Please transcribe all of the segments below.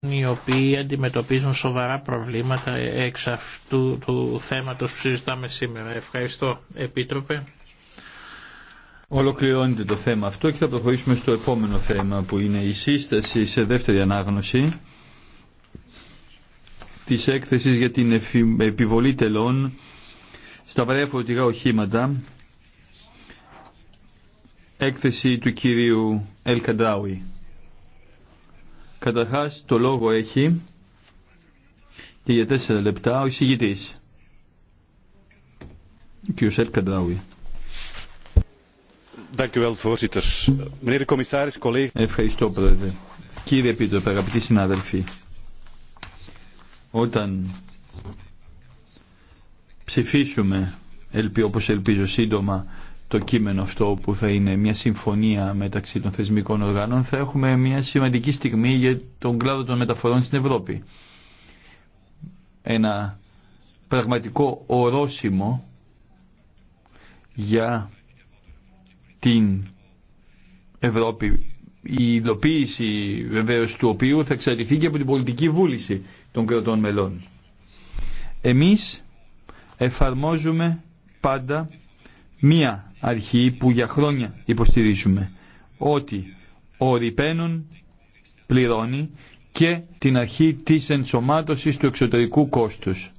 οι οποίοι αντιμετωπίζουν σοβαρά προβλήματα εξ αυτού του θέματος που συζητάμε σήμερα. Ευχαριστώ, Επίτροπε. Ολοκληρώνεται το θέμα αυτό και θα προχωρήσουμε στο επόμενο θέμα που είναι η σύσταση σε δεύτερη ανάγνωση της έκθεσης για την επιβολή τελών στα βαρέα φορτηγά οχήματα έκθεση του κυρίου Ελκαντράουι. Καταρχάς το λόγο έχει και για τέσσερα λεπτά ο εισηγητής. Ο κ. Σελ Καντράουι. Ευχαριστώ πρόεδρε. Κύριε Επίτροπε, αγαπητοί συνάδελφοι, όταν ψηφίσουμε, όπω όπως ελπίζω σύντομα, το κείμενο αυτό που θα είναι μια συμφωνία μεταξύ των θεσμικών οργάνων θα έχουμε μια σημαντική στιγμή για τον κλάδο των μεταφορών στην Ευρώπη. Ένα πραγματικό ορόσημο για την Ευρώπη η υλοποίηση βεβαίω του οποίου θα εξαρτηθεί και από την πολιτική βούληση των κρατών μελών. Εμείς εφαρμόζουμε πάντα μία αρχή που για χρόνια υποστηρίζουμε, ότι ο Ριπένων πληρώνει και την αρχή της ενσωμάτωσης του εξωτερικού κόστους.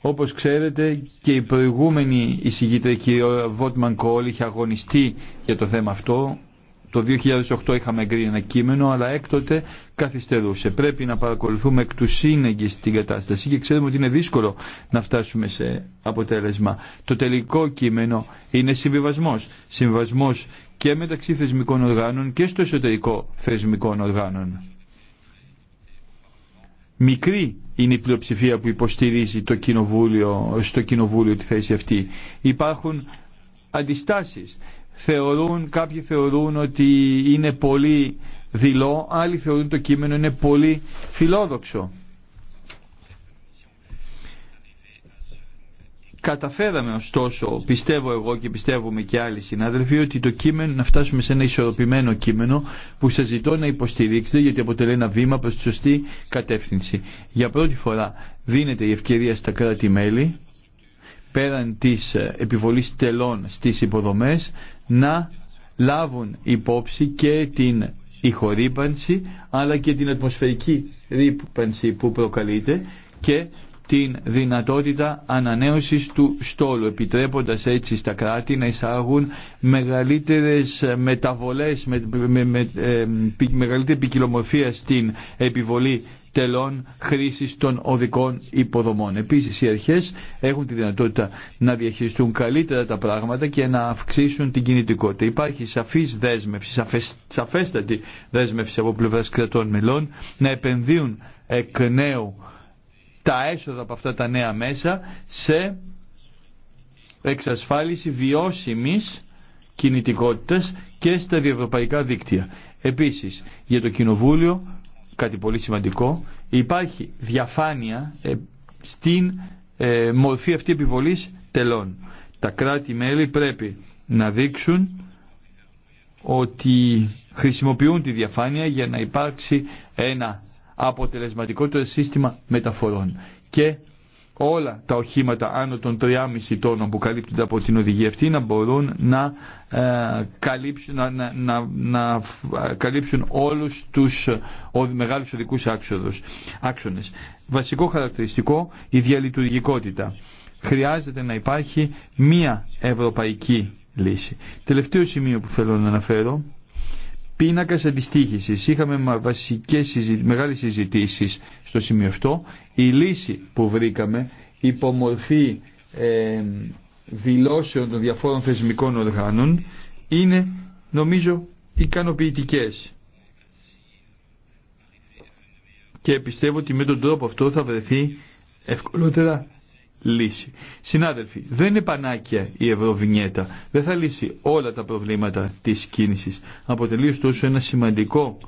Όπως ξέρετε και η προηγούμενη εισηγήτρια κυρία Βότμαν Κόλ είχε αγωνιστεί για το θέμα αυτό το 2008 είχαμε εγκρίνει ένα κείμενο, αλλά έκτοτε καθυστερούσε. Πρέπει να παρακολουθούμε εκ του σύνεγγυ την κατάσταση και ξέρουμε ότι είναι δύσκολο να φτάσουμε σε αποτέλεσμα. Το τελικό κείμενο είναι συμβιβασμό. Συμβιβασμός και μεταξύ θεσμικών οργάνων και στο εσωτερικό θεσμικών οργάνων. Μικρή είναι η πλειοψηφία που υποστηρίζει το στο κοινοβούλιο τη θέση αυτή. Υπάρχουν αντιστάσεις θεωρούν, κάποιοι θεωρούν ότι είναι πολύ δειλό, άλλοι θεωρούν το κείμενο είναι πολύ φιλόδοξο. Καταφέραμε ωστόσο, πιστεύω εγώ και πιστεύουμε και άλλοι συνάδελφοι, ότι το κείμενο, να φτάσουμε σε ένα ισορροπημένο κείμενο που σας ζητώ να υποστηρίξετε γιατί αποτελεί ένα βήμα προς τη σωστή κατεύθυνση. Για πρώτη φορά δίνεται η ευκαιρία στα κράτη-μέλη πέραν της επιβολής τελών στις υποδομές να λάβουν υπόψη και την ηχορύπανση αλλά και την ατμοσφαιρική ρύπανση που προκαλείται και την δυνατότητα ανανέωσης του στόλου, επιτρέποντας έτσι στα κράτη να εισάγουν μεγαλύτερες μεταβολές, με, με, ε, μεγαλύτερη ποικιλομορφία στην επιβολή τελών χρήσης των οδικών υποδομών. Επίσης οι αρχές έχουν τη δυνατότητα να διαχειριστούν καλύτερα τα πράγματα και να αυξήσουν την κινητικότητα. Υπάρχει σαφής δέσμευση, σαφές, σαφέστατη δέσμευση από πλευρά κρατών μελών να επενδύουν εκ νέου τα έσοδα από αυτά τα νέα μέσα σε εξασφάλιση βιώσιμης κινητικότητας και στα διευρωπαϊκά δίκτυα. Επίσης, για το Κοινοβούλιο κάτι πολύ σημαντικό, υπάρχει διαφάνεια ε, στην ε, μορφή αυτή επιβολής τελών. Τα κράτη-μέλη πρέπει να δείξουν ότι χρησιμοποιούν τη διαφάνεια για να υπάρξει ένα αποτελεσματικότερο σύστημα μεταφορών και όλα τα οχήματα άνω των 3,5 τόνων που καλύπτονται από την οδηγία αυτή να μπορούν να, ε, καλύψουν, να, να, να, να ε, καλύψουν όλους τους μεγάλους οδικούς άξοδους, άξονες. Βασικό χαρακτηριστικό η διαλειτουργικότητα. Χρειάζεται να υπάρχει μία ευρωπαϊκή λύση. Τελευταίο σημείο που θέλω να αναφέρω πίνακα αντιστοιχηση. Είχαμε βασικές μεγάλες συζητήσει στο σημείο αυτό. Η λύση που βρήκαμε υπομορφή ε, δηλώσεων των διαφόρων θεσμικών οργάνων είναι νομίζω ικανοποιητικέ. Και πιστεύω ότι με τον τρόπο αυτό θα βρεθεί ευκολότερα λύση. Συνάδελφοι, δεν είναι πανάκια η Ευρωβινιέτα. Δεν θα λύσει όλα τα προβλήματα της κίνησης. Αποτελεί ωστόσο ένα σημαντικό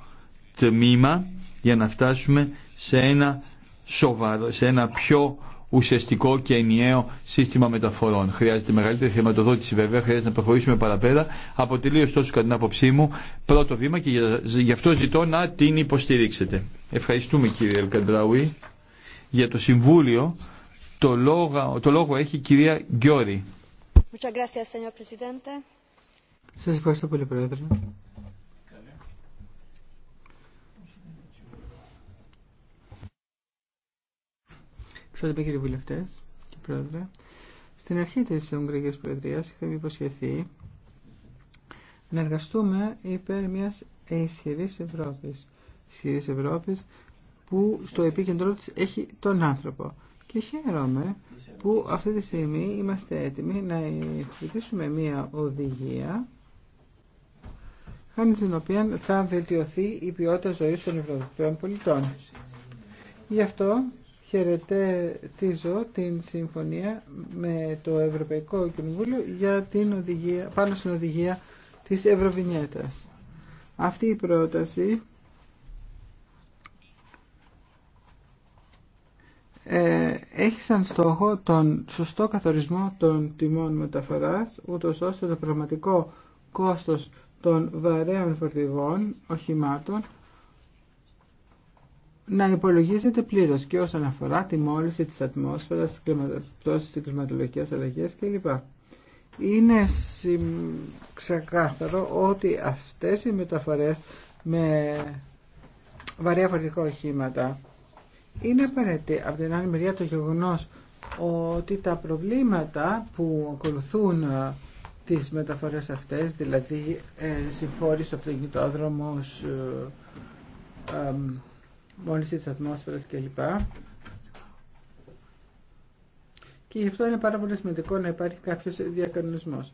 τμήμα για να φτάσουμε σε ένα σοβαρό, σε ένα πιο ουσιαστικό και ενιαίο σύστημα μεταφορών. Χρειάζεται μεγαλύτερη χρηματοδότηση βέβαια, χρειάζεται να προχωρήσουμε παραπέρα. Αποτελεί ωστόσο κατά την άποψή μου πρώτο βήμα και γι' αυτό ζητώ να την υποστηρίξετε. Ευχαριστούμε κύριε Ελκαντράουι για το Συμβούλιο το λόγο, έχει η κυρία Γκιόρη. Σας ευχαριστώ πολύ, Πρόεδρε. Ξέρετε, κύριε βουλευτέ και πρόεδρε, στην αρχή τη Ουγγρική Προεδρία είχαμε υποσχεθεί να εργαστούμε υπέρ μια ισχυρή Ευρώπη. Ευρώπης που στο επίκεντρό τη έχει τον άνθρωπο. Και χαίρομαι που αυτή τη στιγμή είμαστε έτοιμοι να εκδοτήσουμε μία οδηγία χάρη στην οποία θα βελτιωθεί η ποιότητα ζωής των Ευρωπαίων πολιτών. Γι' αυτό χαιρετίζω την συμφωνία με το Ευρωπαϊκό Κοινοβούλιο για την οδηγία, πάνω στην οδηγία της Ευρωβινιέτας. Αυτή η πρόταση Ε, έχει σαν στόχο τον σωστό καθορισμό των τιμών μεταφοράς, ούτως ώστε το πραγματικό κόστος των βαρέων φορτηγών οχημάτων να υπολογίζεται πλήρως και όσον αφορά τη μόλυνση της ατμόσφαιρας, πτώσεις της κλιματολογικής αλλαγής κλπ. Είναι ξεκάθαρο ότι αυτές οι μεταφορές με βαρέα φορτηγά οχήματα είναι απαραίτητη. Από την άλλη μεριά το γεγονός ότι τα προβλήματα που ακολουθούν ε, τις μεταφορές αυτές, δηλαδή ε, συμφόροι στο αυτοκινητόδρομος, ε, ε, της ατμόσφαιρας κλπ. Και γι' αυτό είναι πάρα πολύ σημαντικό να υπάρχει κάποιος διακανονισμός.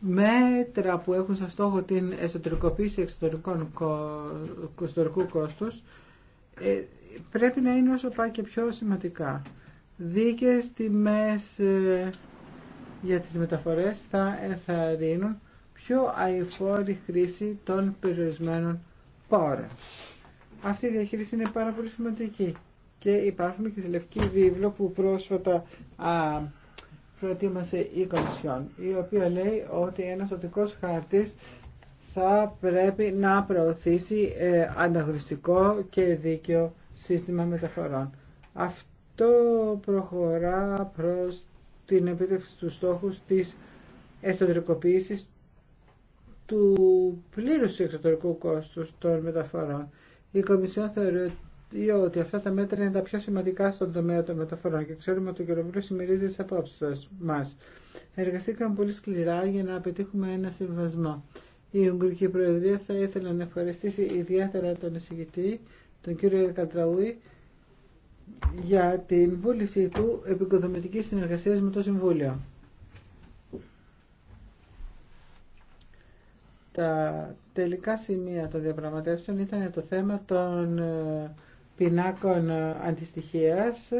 Μέτρα που έχουν σαν στόχο την εσωτερικοποίηση εξωτερικού κόστου. Ε, πρέπει να είναι όσο πάει και πιο σημαντικά. Δίκες τιμές ε, για τις μεταφορές θα ενθαρρύνουν πιο αηφόρη χρήση των περιορισμένων πόρων. Αυτή η διαχείριση είναι πάρα πολύ σημαντική και υπάρχουν και στη Λευκή Βίβλο που πρόσφατα α, προετοίμασε η Κομισιόν η οποία λέει ότι ένας οδικός χάρτης θα πρέπει να προωθήσει ε, και δίκαιο σύστημα μεταφορών. Αυτό προχωρά προς την επίτευξη του στόχου της εσωτερικοποίησης του πλήρους εξωτερικού κόστους των μεταφορών. Η Κομισιόν θεωρεί ότι αυτά τα μέτρα είναι τα πιο σημαντικά στον τομέα των μεταφορών και ξέρουμε ότι ο Κοινοβούλιο συμμερίζει τι απόψει μα. Εργαστήκαμε πολύ σκληρά για να πετύχουμε ένα συμβασμό. Η Ουγγρική Προεδρία θα ήθελα να ευχαριστήσει ιδιαίτερα τον εισηγητή τον κύριο Κατραούη για την βούλησή του επικοδομητικής συνεργασίας με το Συμβούλιο. Τα τελικά σημεία των διαπραγματεύσεων ήταν το θέμα των ε, πινάκων αντιστοιχίας.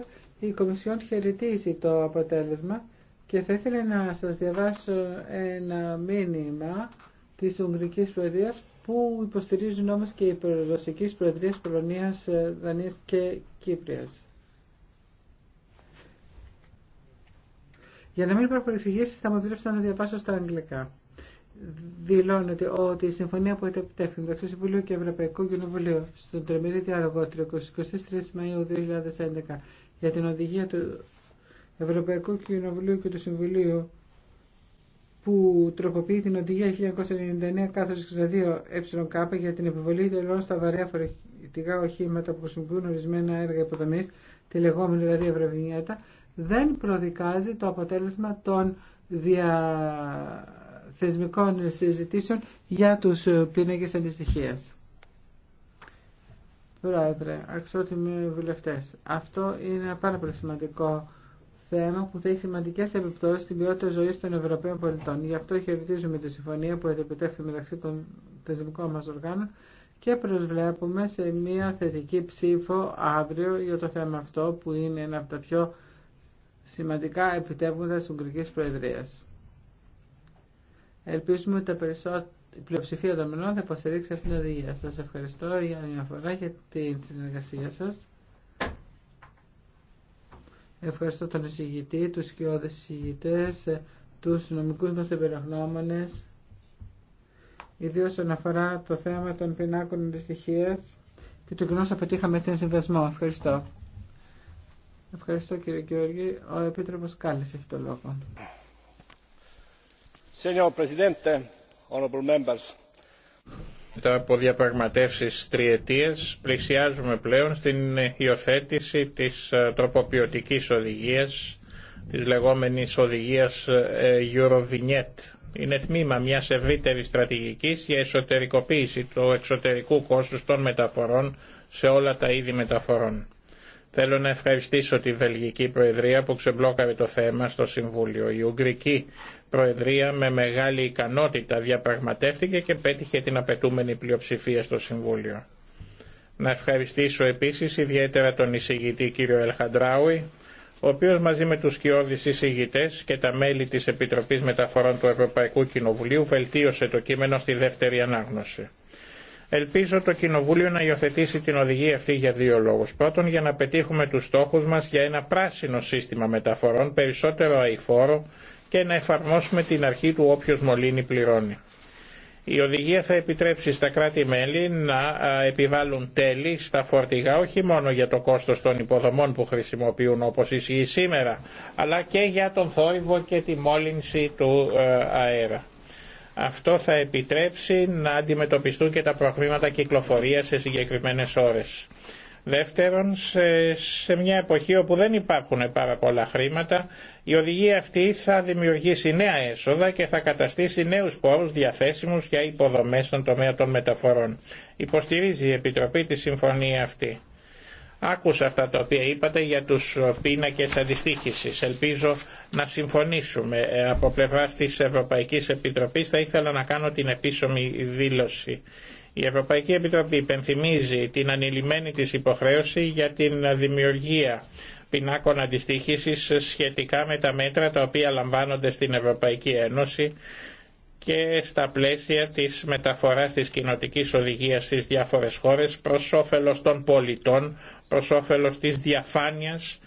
Η Κομισιόν χαιρετίζει το αποτέλεσμα και θα ήθελα να σας διαβάσω ένα μήνυμα της Ουγγρικής Προεδρίας που υποστηρίζουν όμω και οι ρωσικές Προεδρία Πολωνία, ε, Δανία και Κύπρια. Για να μην υπάρχουν παρεξηγήσει, θα μου επιτρέψετε να διαβάσω στα αγγλικά. Δηλώνεται ότι η συμφωνία που επιτεύχθη μεταξύ Συμβουλίου και Ευρωπαϊκού Κοινοβουλίου στον τρεμερή διάλογο 23 Μαου 2011 για την οδηγία του Ευρωπαϊκού Κοινοβουλίου και του Συμβουλίου που τροποποιεί την οδηγία 1999 κάθος 62 ΕΚ για την επιβολή τελών στα βαρέα φορητικά οχήματα που χρησιμοποιούν ορισμένα έργα υποδομή, τη λεγόμενη δηλαδή ευρωβινιέτα, δεν προδικάζει το αποτέλεσμα των διαθεσμικών συζητήσεων για τους πίνακες αντιστοιχίας. Πρόεδρε, αξιότιμοι βουλευτές, αυτό είναι ένα πάρα πολύ σημαντικό θέμα που θα έχει σημαντικέ επιπτώσει στην ποιότητα ζωή των Ευρωπαίων πολιτών. Γι' αυτό χαιρετίζουμε τη συμφωνία που επιτεύχθη μεταξύ των θεσμικών μα οργάνων και προσβλέπουμε σε μια θετική ψήφο αύριο για το θέμα αυτό που είναι ένα από τα πιο σημαντικά επιτεύγματα της Ουγγρικής Προεδρίας. Ελπίζουμε ότι τα η πλειοψηφία των μηνών θα υποστηρίξει αυτήν την οδηγία. Σας ευχαριστώ για την φορά για την συνεργασία σας. Ευχαριστώ τον εισηγητή, τους σκιώδες εισηγητές, τους νομικούς μας εμπεριχνόμενες, ιδίω όσον αφορά το θέμα των πινάκων δυστυχία και του γνώσου πετύχαμε στην συνδεσμό. Ευχαριστώ. Ευχαριστώ κύριε Γιώργη. Ο Επίτροπος Κάλλης έχει το λόγο. Μετά από διαπραγματεύσεις τριετίες πλησιάζουμε πλέον στην υιοθέτηση της ε, τροποποιωτικής οδηγίας, της λεγόμενης οδηγίας ε, Eurovignette. Είναι τμήμα μιας ευρύτερης στρατηγικής για εσωτερικοποίηση του εξωτερικού κόστους των μεταφορών σε όλα τα είδη μεταφορών. Θέλω να ευχαριστήσω τη Βελγική Προεδρία που ξεμπλόκαρε το θέμα στο Συμβούλιο. Η Ουγγρική Προεδρία με μεγάλη ικανότητα διαπραγματεύτηκε και πέτυχε την απαιτούμενη πλειοψηφία στο Συμβούλιο. Να ευχαριστήσω επίσης ιδιαίτερα τον εισηγητή κύριο Ελχαντράουι, ο οποίος μαζί με τους σκιώδεις εισηγητές και τα μέλη της Επιτροπής Μεταφορών του Ευρωπαϊκού Κοινοβουλίου βελτίωσε το κείμενο στη δεύτερη ανάγνωση. Ελπίζω το Κοινοβούλιο να υιοθετήσει την οδηγία αυτή για δύο λόγους. Πρώτον, για να πετύχουμε του στόχου μα για ένα πράσινο σύστημα μεταφορών, περισσότερο αηφόρο, και να εφαρμόσουμε την αρχή του όποιος μολύνει πληρώνει. Η οδηγία θα επιτρέψει στα κράτη-μέλη να επιβάλλουν τέλη στα φορτηγά όχι μόνο για το κόστος των υποδομών που χρησιμοποιούν όπως ισχύει σήμερα, αλλά και για τον θόρυβο και τη μόλυνση του ε, αέρα. Αυτό θα επιτρέψει να αντιμετωπιστούν και τα προβλήματα κυκλοφορίας σε συγκεκριμένες ώρες. Δεύτερον, σε, μια εποχή όπου δεν υπάρχουν πάρα πολλά χρήματα, η οδηγία αυτή θα δημιουργήσει νέα έσοδα και θα καταστήσει νέους πόρους διαθέσιμους για υποδομές στον τομέα των μεταφορών. Υποστηρίζει η Επιτροπή τη συμφωνία αυτή. Άκουσα αυτά τα οποία είπατε για τους πίνακες αντιστοίχησης. Ελπίζω να συμφωνήσουμε. Ε, από πλευράς της Ευρωπαϊκής Επιτροπής θα ήθελα να κάνω την επίσημη δήλωση. Η Ευρωπαϊκή Επιτροπή υπενθυμίζει την ανηλυμένη της υποχρέωση για την δημιουργία πινάκων αντιστοίχησης σχετικά με τα μέτρα τα οποία λαμβάνονται στην Ευρωπαϊκή Ένωση και στα πλαίσια της μεταφοράς της κοινοτικής οδηγίας στις διάφορες χώρες προς όφελος των πολιτών, προς όφελος της διαφάνειας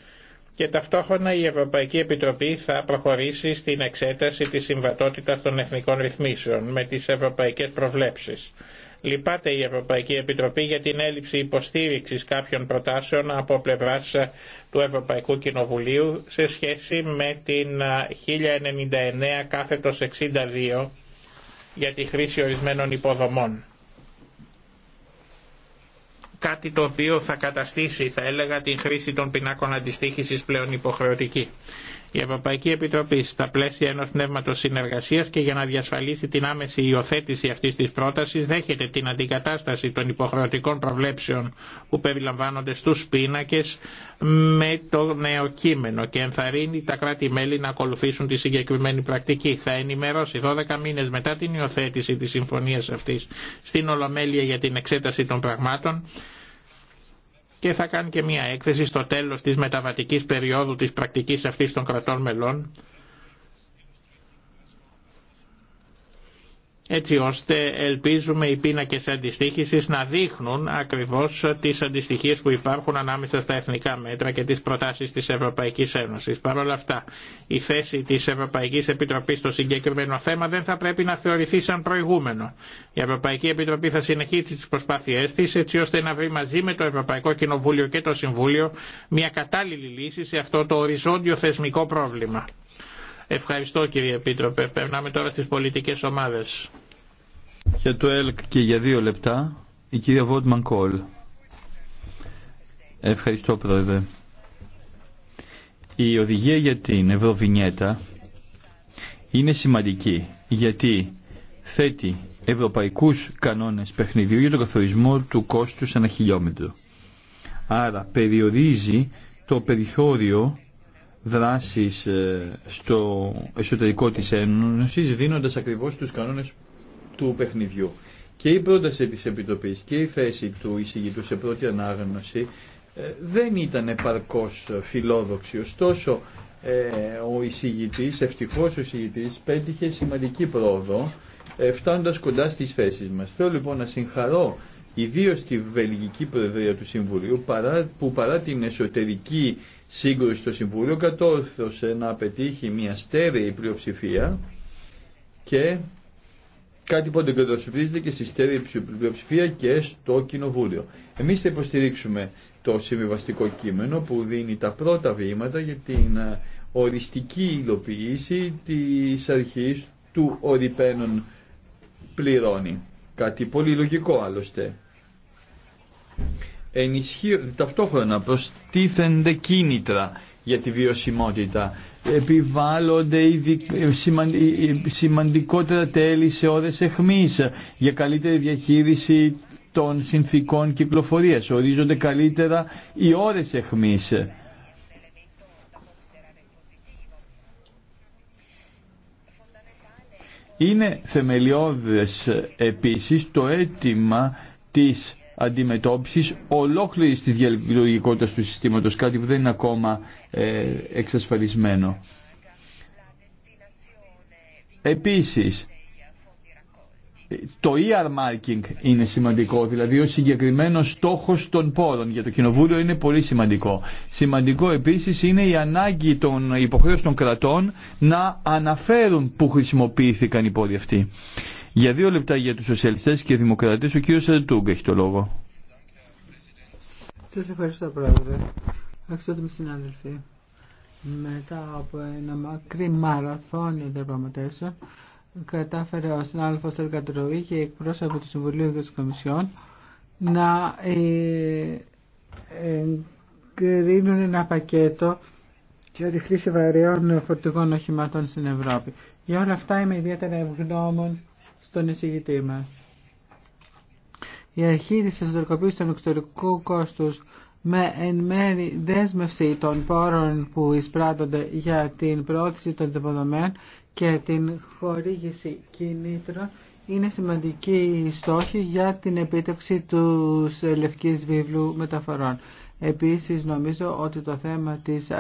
και ταυτόχρονα η Ευρωπαϊκή Επιτροπή θα προχωρήσει στην εξέταση της συμβατότητας των εθνικών ρυθμίσεων με τις ευρωπαϊκές προβλέψεις. Λυπάται η Ευρωπαϊκή Επιτροπή για την έλλειψη υποστήριξης κάποιων προτάσεων από πλευράς ε, του Ευρωπαϊκού Κοινοβουλίου σε σχέση με την 1099 ε, κάθετος 62 για τη χρήση ορισμένων υποδομών. Κάτι το οποίο θα καταστήσει, θα έλεγα, την χρήση των πινάκων αντιστοίχησης πλέον υποχρεωτική. Η Ευρωπαϊκή Επιτροπή στα πλαίσια ενός πνεύματο συνεργασίας και για να διασφαλίσει την άμεση υιοθέτηση αυτής της πρότασης δέχεται την αντικατάσταση των υποχρεωτικών προβλέψεων που περιλαμβάνονται στου πίνακε με το νέο κείμενο και ενθαρρύνει τα κράτη-μέλη να ακολουθήσουν τη συγκεκριμένη πρακτική. Θα ενημερώσει 12 μήνε μετά την υιοθέτηση τη συμφωνία αυτή στην Ολομέλεια για την εξέταση των πραγμάτων και θα κάνει και μια έκθεση στο τέλος της μεταβατικής περίοδου της πρακτικής αυτής των κρατών μελών έτσι ώστε ελπίζουμε οι πίνακες αντιστοίχησης να δείχνουν ακριβώς τις αντιστοιχίες που υπάρχουν ανάμεσα στα εθνικά μέτρα και τις προτάσεις της Ευρωπαϊκής Ένωσης. Παρ' όλα αυτά, η θέση της Ευρωπαϊκής Επιτροπής στο συγκεκριμένο θέμα δεν θα πρέπει να θεωρηθεί σαν προηγούμενο. Η Ευρωπαϊκή Επιτροπή θα συνεχίσει τις προσπάθειές της έτσι ώστε να βρει μαζί με το Ευρωπαϊκό Κοινοβούλιο και το Συμβούλιο μια κατάλληλη λύση σε αυτό το οριζόντιο θεσμικό πρόβλημα. Ευχαριστώ κύριε Επίτροπε. Περνάμε τώρα στις πολιτικές ομάδες. Για το ΕΛΚ και για δύο λεπτά η κυρία Βόρτμαν Κόλ. Ευχαριστώ πρόεδρε. Η οδηγία για την Ευρωβινιέτα είναι σημαντική γιατί θέτει ευρωπαϊκούς κανόνες παιχνιδιού για τον καθορισμό του κόστους ένα χιλιόμετρο. Άρα περιορίζει το περιθώριο δράσεις ε, στο εσωτερικό της Ένωσης δίνοντας ακριβώς τους κανόνες του παιχνιδιού. Και η πρόταση της Επιτροπής και η θέση του εισηγητού σε πρώτη ανάγνωση ε, δεν ήταν επαρκώς φιλόδοξη. Ωστόσο, ε, ο εισηγητής, ευτυχώς ο εισηγητής, πέτυχε σημαντική πρόοδο φτάνοντας κοντά στις θέσεις μας. Θέλω λοιπόν να συγχαρώ ιδίω στη Βελγική Προεδρία του Συμβουλίου, παρά, που παρά την εσωτερική σύγκρουση στο Συμβούλιο, κατόρθωσε να πετύχει μια στέρεη πλειοψηφία και κάτι που αντικατοπτρίζεται και στη στέρεη πλειοψηφία και στο Κοινοβούλιο. Εμείς θα υποστηρίξουμε το συμβιβαστικό κείμενο που δίνει τα πρώτα βήματα για την ε, οριστική υλοποίηση της αρχής του οριπένων πληρώνει. Κάτι πολύ λογικό άλλωστε ενισχύονται ταυτόχρονα, προστίθενται κίνητρα για τη βιωσιμότητα. Επιβάλλονται ε, ε, ε, σημαντικότερα τέλη σε ώρες εχμής για καλύτερη διαχείριση των συνθήκων κυκλοφορίας. Ορίζονται καλύτερα οι ώρες εχμής. Είναι θεμελιώδες επίσης το αίτημα της αντιμετώπιση ολόκληρη τη διαλογικότητα του συστήματο, κάτι που δεν είναι ακόμα ε, εξασφαλισμένο. Επίση, το ER marking είναι σημαντικό, δηλαδή ο συγκεκριμένο στόχο των πόρων για το Κοινοβούλιο είναι πολύ σημαντικό. Σημαντικό επίση, είναι η ανάγκη των υποχρέωσεων των κρατών να αναφέρουν που χρησιμοποιήθηκαν οι πόροι αυτοί. Για δύο λεπτά για τους σοσιαλιστές και δημοκρατές ο κύριος Ερτούγκ έχει το λόγο. Σας ευχαριστώ πρόεδρε. Αξιότιμοι συνάδελφοι. Μετά από ένα μακρύ μαραθώνιο διαπραγματεύσεων κατάφερε ο συνάδελφος Ελκατροή και εκπρόσωπο του Συμβουλίου και της Κομισιόν να ε, κρίνουν ένα πακέτο για τη χρήση βαρέων φορτηγών οχημάτων στην Ευρώπη. Για όλα αυτά είμαι ιδιαίτερα ευγνώμων στον εισηγητή μας. Η αρχή της εσωτερικοποίησης των εξωτερικού κόστους με εν μέρη δέσμευση των πόρων που εισπράττονται για την προώθηση των δεδομένων και την χορήγηση κινήτρων είναι σημαντική στόχη για την επίτευξη του Λευκής Βίβλου Μεταφορών. Επίσης νομίζω ότι το θέμα της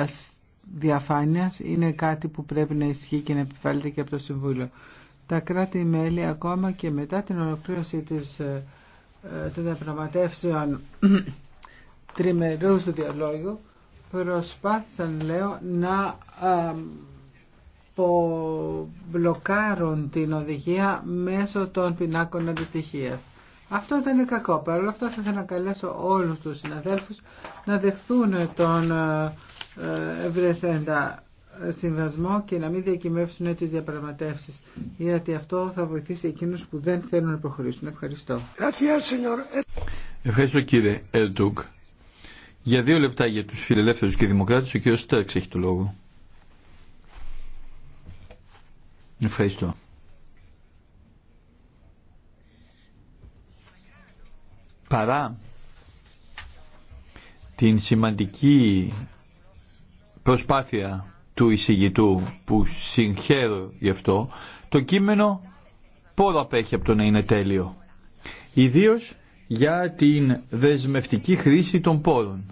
διαφάνειας είναι κάτι που πρέπει να ισχύει και να επιβάλλεται και από το Συμβούλιο τα κράτη-μέλη ακόμα και μετά την ολοκλήρωση της, ε, ε, των διαπραγματεύσεων τριμερούς διαλόγου προσπάθησαν λέω να μπλοκάρουν ε, την οδηγία μέσω των πινάκων αντιστοιχία. Αυτό δεν είναι κακό. Παρ' όλα αυτά θα ήθελα να καλέσω όλους τους συναδέλφους να δεχθούν τον ευρεθέντα συμβασμό και να μην διακυμεύσουν τις διαπραγματεύσεις. Γιατί αυτό θα βοηθήσει εκείνους που δεν θέλουν να προχωρήσουν. Ευχαριστώ. Ευχαριστώ κύριε Ελτούκ. Για δύο λεπτά για τους φιλελεύθερους και δημοκράτες ο κύριος Στέρξ έχει το λόγο. Ευχαριστώ. Παρά την σημαντική προσπάθεια του εισηγητού που συγχαίρω γι' αυτό, το κείμενο πόρο απέχει από το να είναι τέλειο. Ιδίω για την δεσμευτική χρήση των πόρων.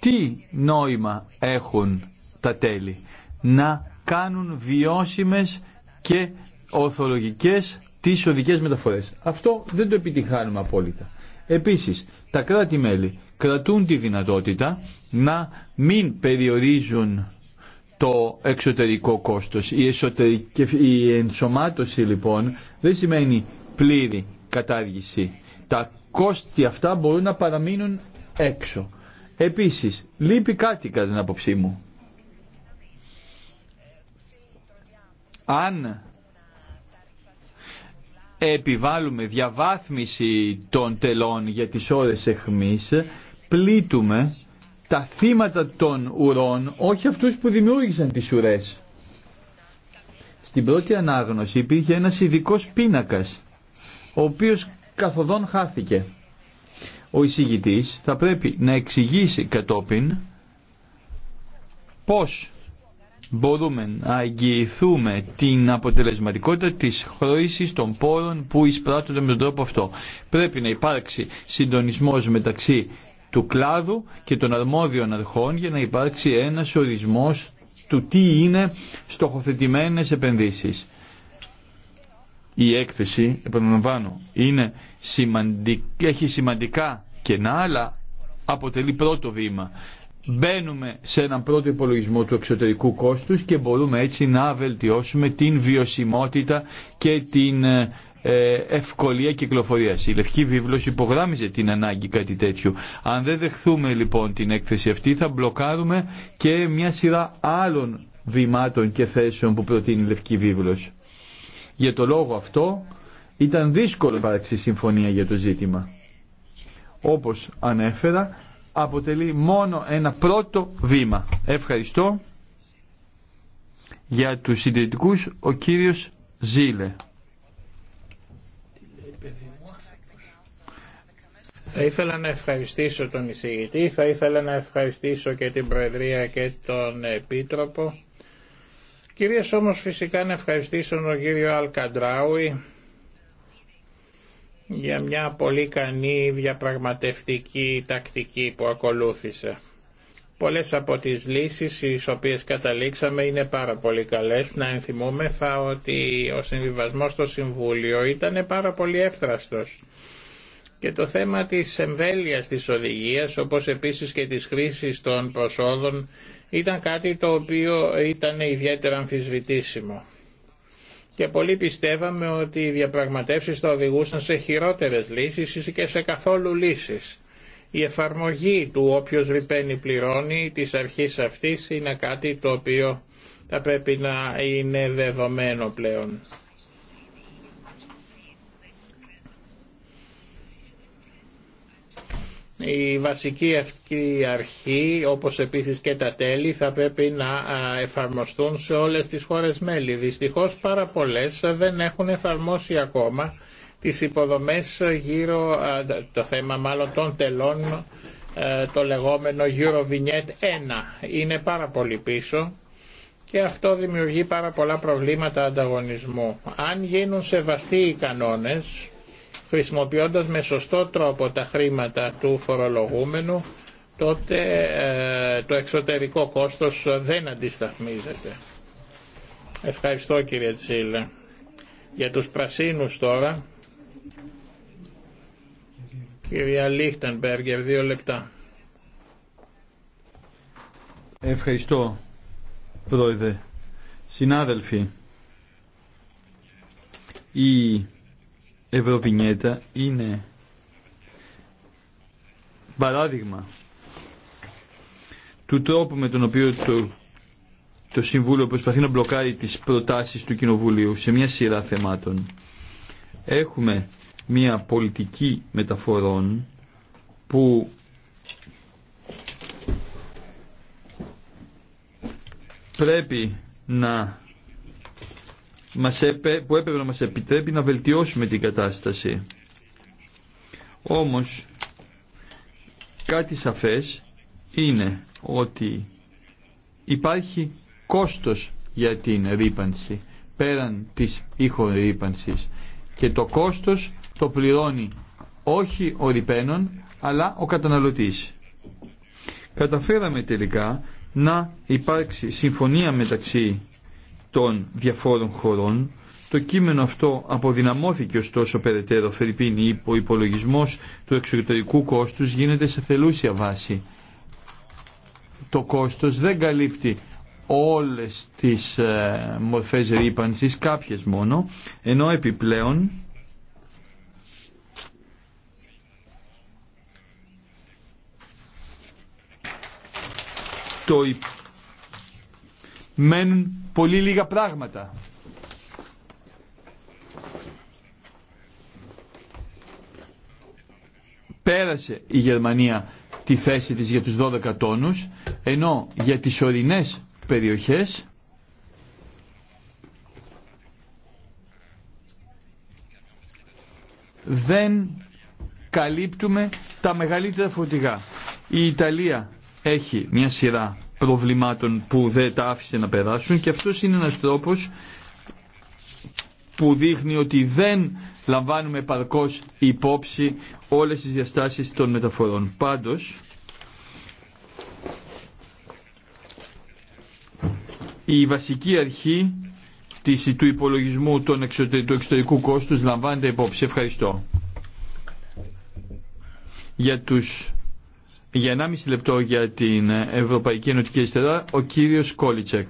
Τι νόημα έχουν τα τέλη να κάνουν βιώσιμες και ορθολογικές τις οδικές μεταφορές. Αυτό δεν το επιτυχάνουμε απόλυτα. Επίσης, τα κράτη-μέλη κρατούν τη δυνατότητα να μην περιορίζουν το εξωτερικό κόστος. Η, εσωτερική, η ενσωμάτωση λοιπόν δεν σημαίνει πλήρη κατάργηση. Τα κόστη αυτά μπορούν να παραμείνουν έξω. Επίσης, λείπει κάτι κατά την άποψή μου. Αν επιβάλλουμε διαβάθμιση των τελών για τις ώρες εχμής, πλήττουμε τα θύματα των ουρών, όχι αυτούς που δημιούργησαν τις ουρές. Στην πρώτη ανάγνωση υπήρχε ένας ειδικό πίνακας, ο οποίος καθοδόν χάθηκε. Ο εισηγητής θα πρέπει να εξηγήσει κατόπιν πώς μπορούμε να εγγυηθούμε την αποτελεσματικότητα της χρήσης των πόρων που εισπράττονται με τον τρόπο αυτό. Πρέπει να υπάρξει συντονισμός μεταξύ του κλάδου και των αρμόδιων αρχών για να υπάρξει ένας ορισμός του τι είναι στοχοθετημένες επενδύσεις. Η έκθεση, επαναλαμβάνω, είναι σημαντικ... έχει σημαντικά κενά, αλλά αποτελεί πρώτο βήμα. Μπαίνουμε σε έναν πρώτο υπολογισμό του εξωτερικού κόστους και μπορούμε έτσι να βελτιώσουμε την βιωσιμότητα και την ε, ε, ευκολία κυκλοφορία. Η Λευκή Βίβλο υπογράμμιζε την ανάγκη κάτι τέτοιο. Αν δεν δεχθούμε λοιπόν την έκθεση αυτή, θα μπλοκάρουμε και μια σειρά άλλων βημάτων και θέσεων που προτείνει η Λευκή Βίβλο. Για το λόγο αυτό ήταν δύσκολο να υπάρξει συμφωνία για το ζήτημα. Όπως ανέφερα, αποτελεί μόνο ένα πρώτο βήμα. Ευχαριστώ για τους συντηρητικούς ο κύριος Ζήλε. Θα ήθελα να ευχαριστήσω τον εισηγητή, θα ήθελα να ευχαριστήσω και την Προεδρία και τον Επίτροπο. Κυρίες όμως φυσικά να ευχαριστήσω τον κύριο Αλκαντράουι για μια πολύ κανή διαπραγματευτική τακτική που ακολούθησε. Πολλές από τις λύσεις στις οποίες καταλήξαμε είναι πάρα πολύ καλές. Να ενθυμούμεθα ότι ο συμβιβασμός στο Συμβούλιο ήταν πάρα πολύ εύθραστος και το θέμα της εμβέλειας της οδηγίας, όπως επίσης και της χρήσης των προσόδων, ήταν κάτι το οποίο ήταν ιδιαίτερα αμφισβητήσιμο. Και πολλοί πιστεύαμε ότι οι διαπραγματεύσεις θα οδηγούσαν σε χειρότερες λύσεις και σε καθόλου λύσεις. Η εφαρμογή του όποιος ρηπαίνει πληρώνει της αρχής αυτής είναι κάτι το οποίο θα πρέπει να είναι δεδομένο πλέον. Η βασική αυτή αρχή, όπως επίσης και τα τέλη, θα πρέπει να εφαρμοστούν σε όλες τις χώρες μέλη. Δυστυχώς πάρα πολλές δεν έχουν εφαρμόσει ακόμα τις υποδομές γύρω, το θέμα μάλλον των τελών, το λεγόμενο Eurovinet 1. Είναι πάρα πολύ πίσω και αυτό δημιουργεί πάρα πολλά προβλήματα ανταγωνισμού. Αν γίνουν σεβαστοί οι κανόνες, χρησιμοποιώντας με σωστό τρόπο τα χρήματα του φορολογούμενου, τότε ε, το εξωτερικό κόστος δεν αντισταθμίζεται. Ευχαριστώ κύριε Τσίλε. Για τους πρασίνους τώρα, κυρία Λίχτενμπεργκερ, δύο λεπτά. Ευχαριστώ, πρόεδρε. Συνάδελφοι, η Ευρωβινιέτα είναι παράδειγμα του τρόπου με τον οποίο το, το Συμβούλιο προσπαθεί να μπλοκάρει τις προτάσεις του Κοινοβουλίου σε μια σειρά θεμάτων. Έχουμε μια πολιτική μεταφορών που πρέπει να μας έπε, που έπρεπε να μας επιτρέπει να βελτιώσουμε την κατάσταση. Όμως κάτι σαφές είναι ότι υπάρχει κόστος για την ρήπανση πέραν της ηχορήπανσης και το κόστος το πληρώνει όχι ο ρηπαίνων αλλά ο καταναλωτής. Καταφέραμε τελικά να υπάρξει συμφωνία μεταξύ των διαφόρων χωρών. Το κείμενο αυτό αποδυναμώθηκε ωστόσο περαιτέρω Φερρυπίνη. Ο υπολογισμό του εξωτερικού κόστου γίνεται σε θελούσια βάση. Το κόστο δεν καλύπτει όλες τις ε, μορφές ρήπανσης, κάποιες μόνο, ενώ επιπλέον το μένουν πολύ λίγα πράγματα. Πέρασε η Γερμανία τη θέση της για τους 12 τόνους, ενώ για τις ορεινές περιοχές δεν καλύπτουμε τα μεγαλύτερα φορτηγά. Η Ιταλία έχει μια σειρά προβλημάτων που δεν τα άφησε να περάσουν και αυτός είναι ένας τρόπος που δείχνει ότι δεν λαμβάνουμε παρκώς υπόψη όλες τις διαστάσεις των μεταφορών. Πάντως, η βασική αρχή της, του υπολογισμού των του εξωτερικού κόστους λαμβάνεται υπόψη. Ευχαριστώ. Για τους για 1,5 λεπτό για την Ευρωπαϊκή Ενωτική Αριστερά ο κύριος Κόλιτσεκ.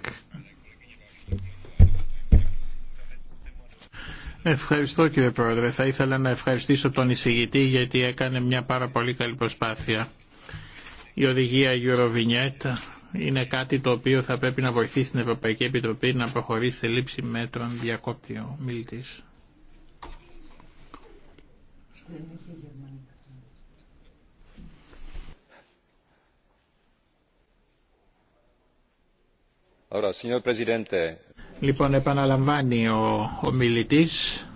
Ευχαριστώ κύριε Πρόεδρε. Θα ήθελα να ευχαριστήσω τον εισηγητή γιατί έκανε μια πάρα πολύ καλή προσπάθεια. Η οδηγία Eurovignette είναι κάτι το οποίο θα πρέπει να βοηθήσει την Ευρωπαϊκή Επιτροπή να προχωρήσει σε λήψη μέτρων διακόπτειο. μιλητής. Λοιπόν, επαναλαμβάνει ο, ομιλητής,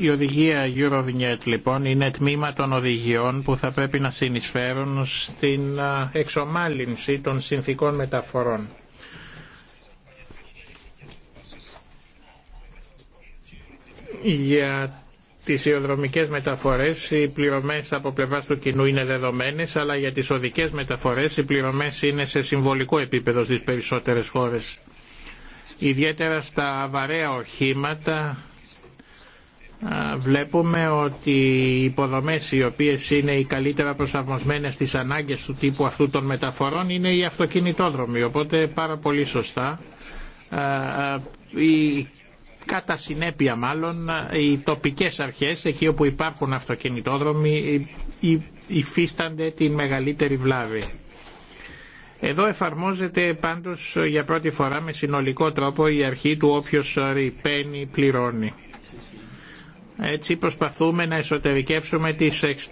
Η οδηγία Eurovignette, λοιπόν είναι τμήμα των οδηγιών που θα πρέπει να συνεισφέρουν στην εξομάλυνση των συνθήκων μεταφορών. για τις ιοδρομικές μεταφορές οι πληρωμές από πλευρά του κοινού είναι δεδομένες, αλλά για τις οδικές μεταφορές οι πληρωμές είναι σε συμβολικό επίπεδο στις περισσότερες χώρες. Ιδιαίτερα στα βαρέα οχήματα βλέπουμε ότι οι υποδομές οι οποίες είναι οι καλύτερα προσαρμοσμένες στις ανάγκες του τύπου αυτού των μεταφορών είναι οι αυτοκινητόδρομοι, οπότε πάρα πολύ σωστά Κατά συνέπεια μάλλον οι τοπικές αρχές εκεί όπου υπάρχουν αυτοκινητόδρομοι υφίστανται την μεγαλύτερη βλάβη. Εδώ εφαρμόζεται πάντως για πρώτη φορά με συνολικό τρόπο η αρχή του όποιος ρηπαίνει πληρώνει. Έτσι προσπαθούμε να εσωτερικεύσουμε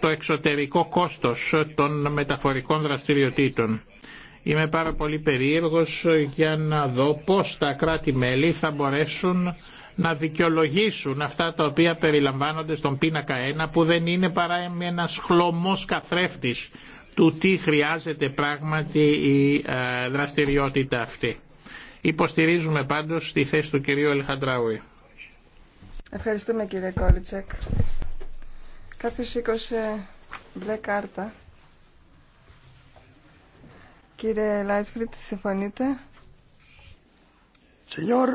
το εξωτερικό κόστος των μεταφορικών δραστηριοτήτων. Είμαι πάρα πολύ περίεργος για να δω πώς τα κράτη-μέλη θα μπορέσουν να δικαιολογήσουν αυτά τα οποία περιλαμβάνονται στον πίνακα 1 που δεν είναι παρά ένα χλωμός καθρέφτης του τι χρειάζεται πράγματι η ε, δραστηριότητα αυτή. Υποστηρίζουμε πάντως τη θέση του κυρίου Ελχαντράουι. Ευχαριστούμε κύριε Κόλιτσεκ. Κάποιος σήκωσε μπλε κάρτα. Κύριε Λάιτφριτ, συμφωνείτε. Señor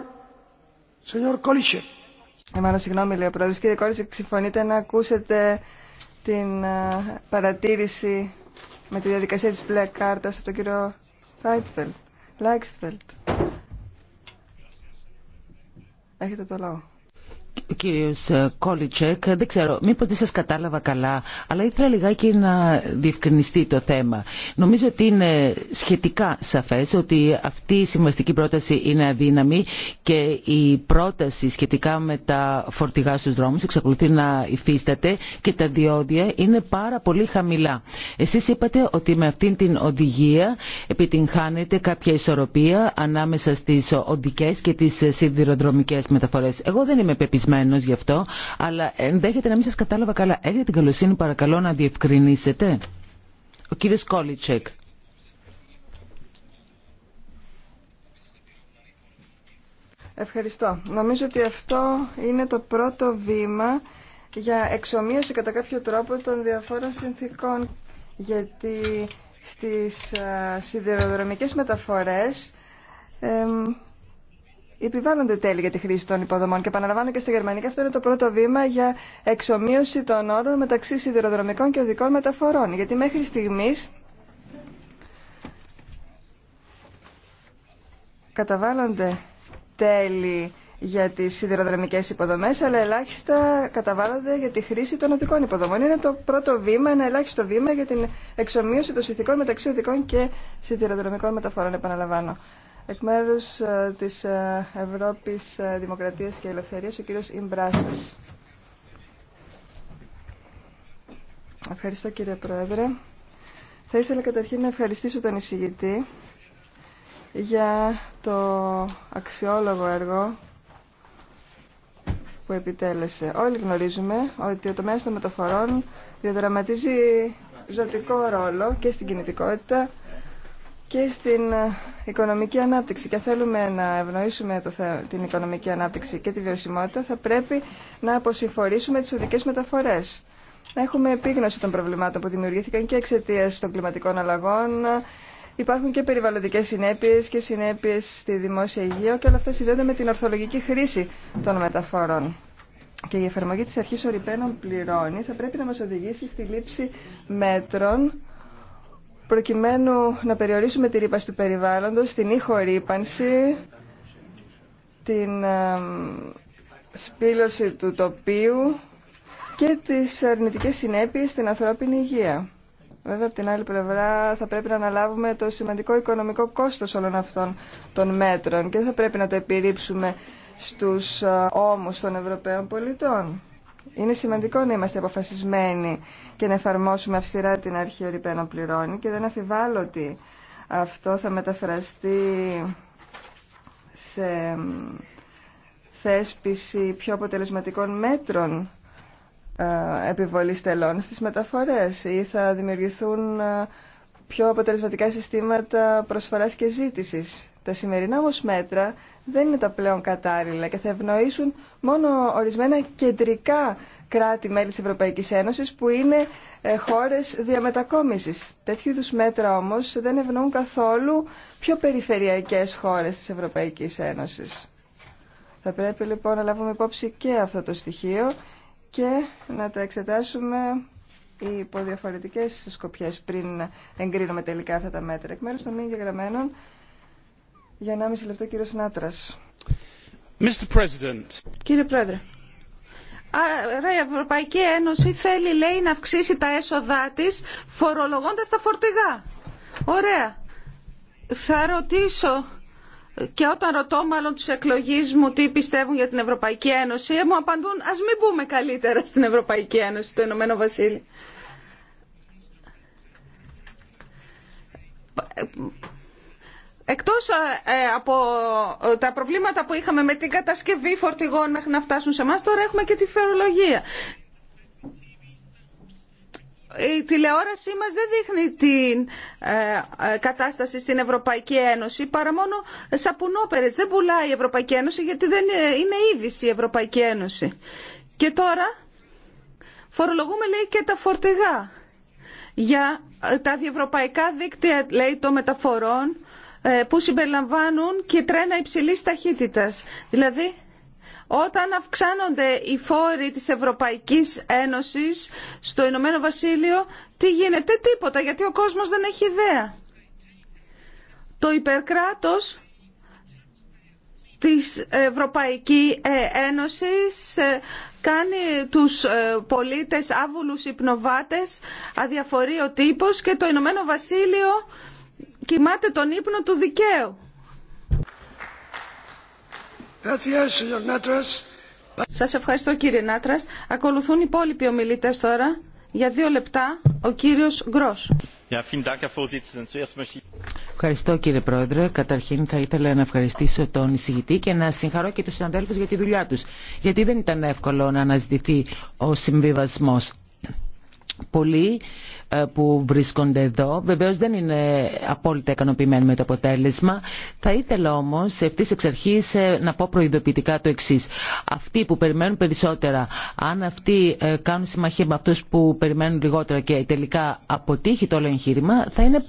ε, συγγνώμη λέει ο πρόεδρος. Κύριε Κόλισε. συμφωνείτε να ακούσετε την ε, παρατήρηση με τη διαδικασία της μπλε κάρτας από τον κύριο Λάιξφελτ. Έχετε το λόγο. Κύριο κύριος ε, Κόλιτσεκ, δεν ξέρω, μήπως δεν σας κατάλαβα καλά, αλλά ήθελα λιγάκι να διευκρινιστεί το θέμα. Νομίζω ότι είναι σχετικά σαφές ότι αυτή η συμβαστική πρόταση είναι αδύναμη και η πρόταση σχετικά με τα φορτηγά στους δρόμους εξακολουθεί να υφίσταται και τα διόδια είναι πάρα πολύ χαμηλά. Εσείς είπατε ότι με αυτήν την οδηγία επιτυγχάνεται κάποια ισορροπία ανάμεσα στις οδικές και τις σιδηροδρομικές μεταφορές. Εγώ δεν είμαι ευτυχισμένο γι' αυτό, αλλά ενδέχεται να μην σα κατάλαβα καλά. Έχετε την καλοσύνη παρακαλώ να διευκρινίσετε. Ο κύριος Κόλιτσεκ. Ευχαριστώ. Νομίζω ότι αυτό είναι το πρώτο βήμα για εξομοίωση κατά κάποιο τρόπο των διαφόρων συνθήκων. Γιατί στις ε, σιδηροδρομικές μεταφορές εμ, επιβάλλονται τέλη για τη χρήση των υποδομών. Και επαναλαμβάνω και στα γερμανικά, αυτό είναι το πρώτο βήμα για εξομοίωση των όρων μεταξύ σιδηροδρομικών και οδικών μεταφορών. Γιατί μέχρι στιγμή. Καταβάλλονται τέλη για τι σιδηροδρομικέ υποδομέ, αλλά ελάχιστα καταβάλλονται για τη χρήση των οδικών υποδομών. Είναι το πρώτο βήμα, ένα ελάχιστο βήμα για την εξομοίωση των συνθηκών μεταξύ οδικών και σιδηροδρομικών μεταφορών, επαναλαμβάνω. Εκ μέρου ε, τη ε, Ευρώπη ε, Δημοκρατία και Ελευθερία, ο κύριο Ιμπράστα. Ευχαριστώ κύριε Πρόεδρε. Θα ήθελα καταρχήν να ευχαριστήσω τον εισηγητή για το αξιόλογο έργο που επιτέλεσε. Όλοι γνωρίζουμε ότι ο τομέας των μεταφορών διαδραματίζει ζωτικό ρόλο και στην κινητικότητα και στην ε, οικονομική ανάπτυξη και θέλουμε να ευνοήσουμε το, την οικονομική ανάπτυξη και τη βιωσιμότητα θα πρέπει να αποσυμφορήσουμε τις οδικές μεταφορές. Να έχουμε επίγνωση των προβλημάτων που δημιουργήθηκαν και εξαιτία των κλιματικών αλλαγών. Υπάρχουν και περιβαλλοντικέ συνέπειε και συνέπειε στη δημόσια υγεία και όλα αυτά συνδέονται με την ορθολογική χρήση των μεταφορών. Και η εφαρμογή τη αρχή ορυπαίνων πληρώνει θα πρέπει να μα οδηγήσει στη λήψη μέτρων προκειμένου να περιορίσουμε τη ρήπαση του περιβάλλοντος, την ηχορύπανση, την σπήλωση του τοπίου και τις αρνητικές συνέπειες στην ανθρώπινη υγεία. Βέβαια, από την άλλη πλευρά θα πρέπει να αναλάβουμε το σημαντικό οικονομικό κόστος όλων αυτών των μέτρων και θα πρέπει να το επιρρύψουμε στους ε, ώμους των Ευρωπαίων πολιτών. Είναι σημαντικό να είμαστε αποφασισμένοι και να εφαρμόσουμε αυστηρά την αρχή ορυπαίνων πληρώνει και δεν αφιβάλλω ότι αυτό θα μεταφραστεί σε θέσπιση πιο αποτελεσματικών μέτρων ε, επιβολής τελών στις μεταφορές ή θα δημιουργηθούν ε, πιο αποτελεσματικά συστήματα προσφοράς και ζήτησης. Τα σημερινά όμως μέτρα δεν είναι τα πλέον κατάλληλα και θα ευνοήσουν μόνο ορισμένα κεντρικά κράτη-μέλη της Ευρωπαϊκής Ένωσης που είναι ε, χώρες διαμετακόμισης. Τέτοιου είδους μέτρα όμως δεν ευνοούν καθόλου πιο περιφερειακές χώρες της Ευρωπαϊκής Ένωσης. Θα πρέπει λοιπόν να λάβουμε υπόψη και αυτό το στοιχείο και να τα εξετάσουμε υπό διαφορετικές σκοπιές πριν εγκρίνουμε τελικά αυτά τα μέτρα. Εκ μέρους των μη εγγεγραμμένων για 1,5 λεπτό κύριο Κύριε Πρόεδρε, η Ευρωπαϊκή Ένωση θέλει, λέει, να αυξήσει τα έσοδά της φορολογώντας τα φορτηγά. Ωραία. Θα ρωτήσω και όταν ρωτώ μάλλον τους εκλογείς μου τι πιστεύουν για την Ευρωπαϊκή Ένωση, ε, μου απαντούν ας μην μπούμε καλύτερα στην Ευρωπαϊκή Ένωση, το Ηνωμένο Βασίλειο. Εκτός ε, ε, από ε, τα προβλήματα που είχαμε με την κατασκευή φορτηγών μέχρι να φτάσουν σε εμά, τώρα έχουμε και τη φερολογία. Η τηλεόρασή μας δεν δείχνει την κατάσταση στην Ευρωπαϊκή Ένωση παρά μόνο σαπουνόπερες. Δεν πουλάει η Ευρωπαϊκή Ένωση γιατί δεν είναι είδηση η Ευρωπαϊκή Ένωση. Και τώρα φορολογούμε λέει και τα φορτηγά για τα διευρωπαϊκά δίκτυα λέει των μεταφορών ε, που συμπεριλαμβάνουν και τρένα υψηλής ταχύτητας. Δηλαδή, όταν αυξάνονται οι φόροι της Ευρωπαϊκής Ένωσης στο Ηνωμένο Βασίλειο, τι γίνεται, τίποτα, γιατί ο κόσμος δεν έχει ιδέα. Το υπερκράτος της Ευρωπαϊκής ε, Ένωσης ε, κάνει τους πολίτες άβουλους υπνοβάτες, αδιαφορεί ο τύπος και το Ηνωμένο Βασίλειο κοιμάται τον ύπνο του δικαίου. Σας ευχαριστώ κύριε Νάτρας. Ακολουθούν οι υπόλοιποι ομιλητές τώρα. Για δύο λεπτά ο κύριος Γκρός. Ευχαριστώ κύριε Πρόεδρε. Καταρχήν θα ήθελα να ευχαριστήσω τον εισηγητή και να συγχαρώ και τους συναδέλφους για τη δουλειά τους. Γιατί δεν ήταν εύκολο να αναζητηθεί ο συμβιβασμός. Πολλοί ε, που βρίσκονται εδώ βεβαίως δεν είναι απόλυτα ικανοποιημένοι με το αποτέλεσμα. Θα ήθελα όμως ευθύς εξ αρχής ε, να πω προειδοποιητικά το εξής. Αυτοί που περιμένουν περισσότερα, αν αυτοί ε, κάνουν συμμαχία με αυτούς που περιμένουν λιγότερα και τελικά αποτύχει το όλο εγχείρημα, θα είναι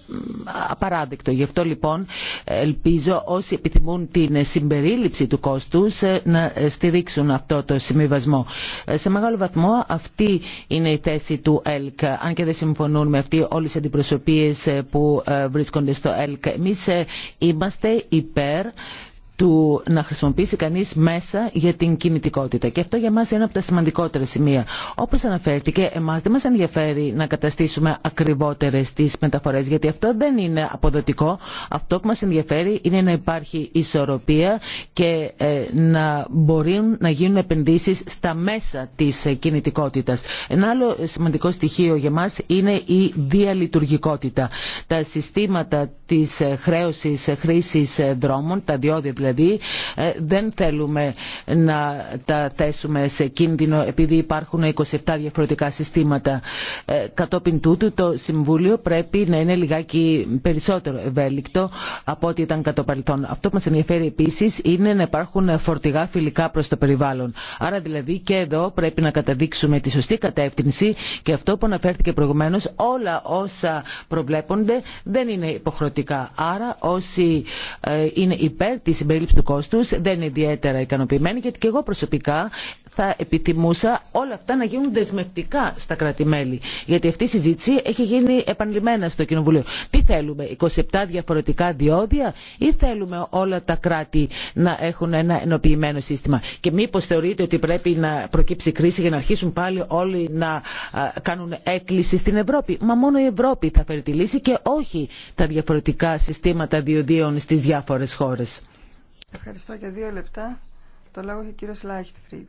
απαράδεκτο. Γι' αυτό λοιπόν ελπίζω όσοι επιθυμούν την συμπερίληψη του κόστου να στηρίξουν αυτό το συμβιβασμό. Σε μεγάλο βαθμό αυτή είναι η θέση του ΕΛΚ, αν και δεν συμφωνούν με αυτή όλε τι αντιπροσωπείε ε, που ε, βρίσκονται στο ΕΛΚ. Εμεί ε, είμαστε υπέρ του να χρησιμοποιήσει κανείς μέσα για την κινητικότητα. Και αυτό για μας είναι από τα σημαντικότερα σημεία. Όπως αναφέρθηκε, εμάς δεν μας ενδιαφέρει να καταστήσουμε ακριβότερες τις μεταφορές, γιατί αυτό δεν είναι αποδοτικό. Αυτό που μας ενδιαφέρει είναι να υπάρχει ισορροπία και ε, να μπορούν να γίνουν επενδύσεις στα μέσα της ε, κινητικότητας. Ένα άλλο σημαντικό στοιχείο για μας είναι η διαλειτουργικότητα. Τα συστήματα της ε, χρέωσης χρήσης δρόμων, τα διόδια δηλαδή, Δηλαδή ε, δεν θέλουμε να τα θέσουμε σε κίνδυνο επειδή υπάρχουν 27 διαφορετικά συστήματα. Ε, κατόπιν τούτου το Συμβούλιο πρέπει να είναι λιγάκι περισσότερο ευέλικτο από ό,τι ήταν κατά παρελθόν. Αυτό που μας ενδιαφέρει επίσης είναι να υπάρχουν φορτηγά φιλικά προς το περιβάλλον. Άρα δηλαδή και εδώ πρέπει να καταδείξουμε τη σωστή κατεύθυνση και αυτό που αναφέρθηκε προηγουμένως όλα όσα προβλέπονται δεν είναι υποχρεωτικά. Άρα όσοι ε, είναι υπέρ της συμπερίληψη του κόστου, δεν είναι ιδιαίτερα ικανοποιημένη γιατί και εγώ προσωπικά θα επιθυμούσα όλα αυτά να γίνουν δεσμευτικά στα κράτη-μέλη. Γιατί αυτή η συζήτηση έχει γίνει επανειλημμένα στο Κοινοβουλίο. Τι θέλουμε, 27 διαφορετικά διόδια ή θέλουμε όλα τα κράτη να έχουν ένα ενοποιημένο σύστημα. Και μήπω θεωρείτε ότι πρέπει να προκύψει κρίση για να αρχίσουν πάλι όλοι να κάνουν έκκληση στην Ευρώπη. Μα μόνο η Ευρώπη θα φέρει τη λύση και όχι τα διαφορετικά συστήματα διοδίων στις διάφορες χώρες. Ευχαριστώ για δύο λεπτά. Το λόγο έχει ο κύριος Λάιχτφριντ.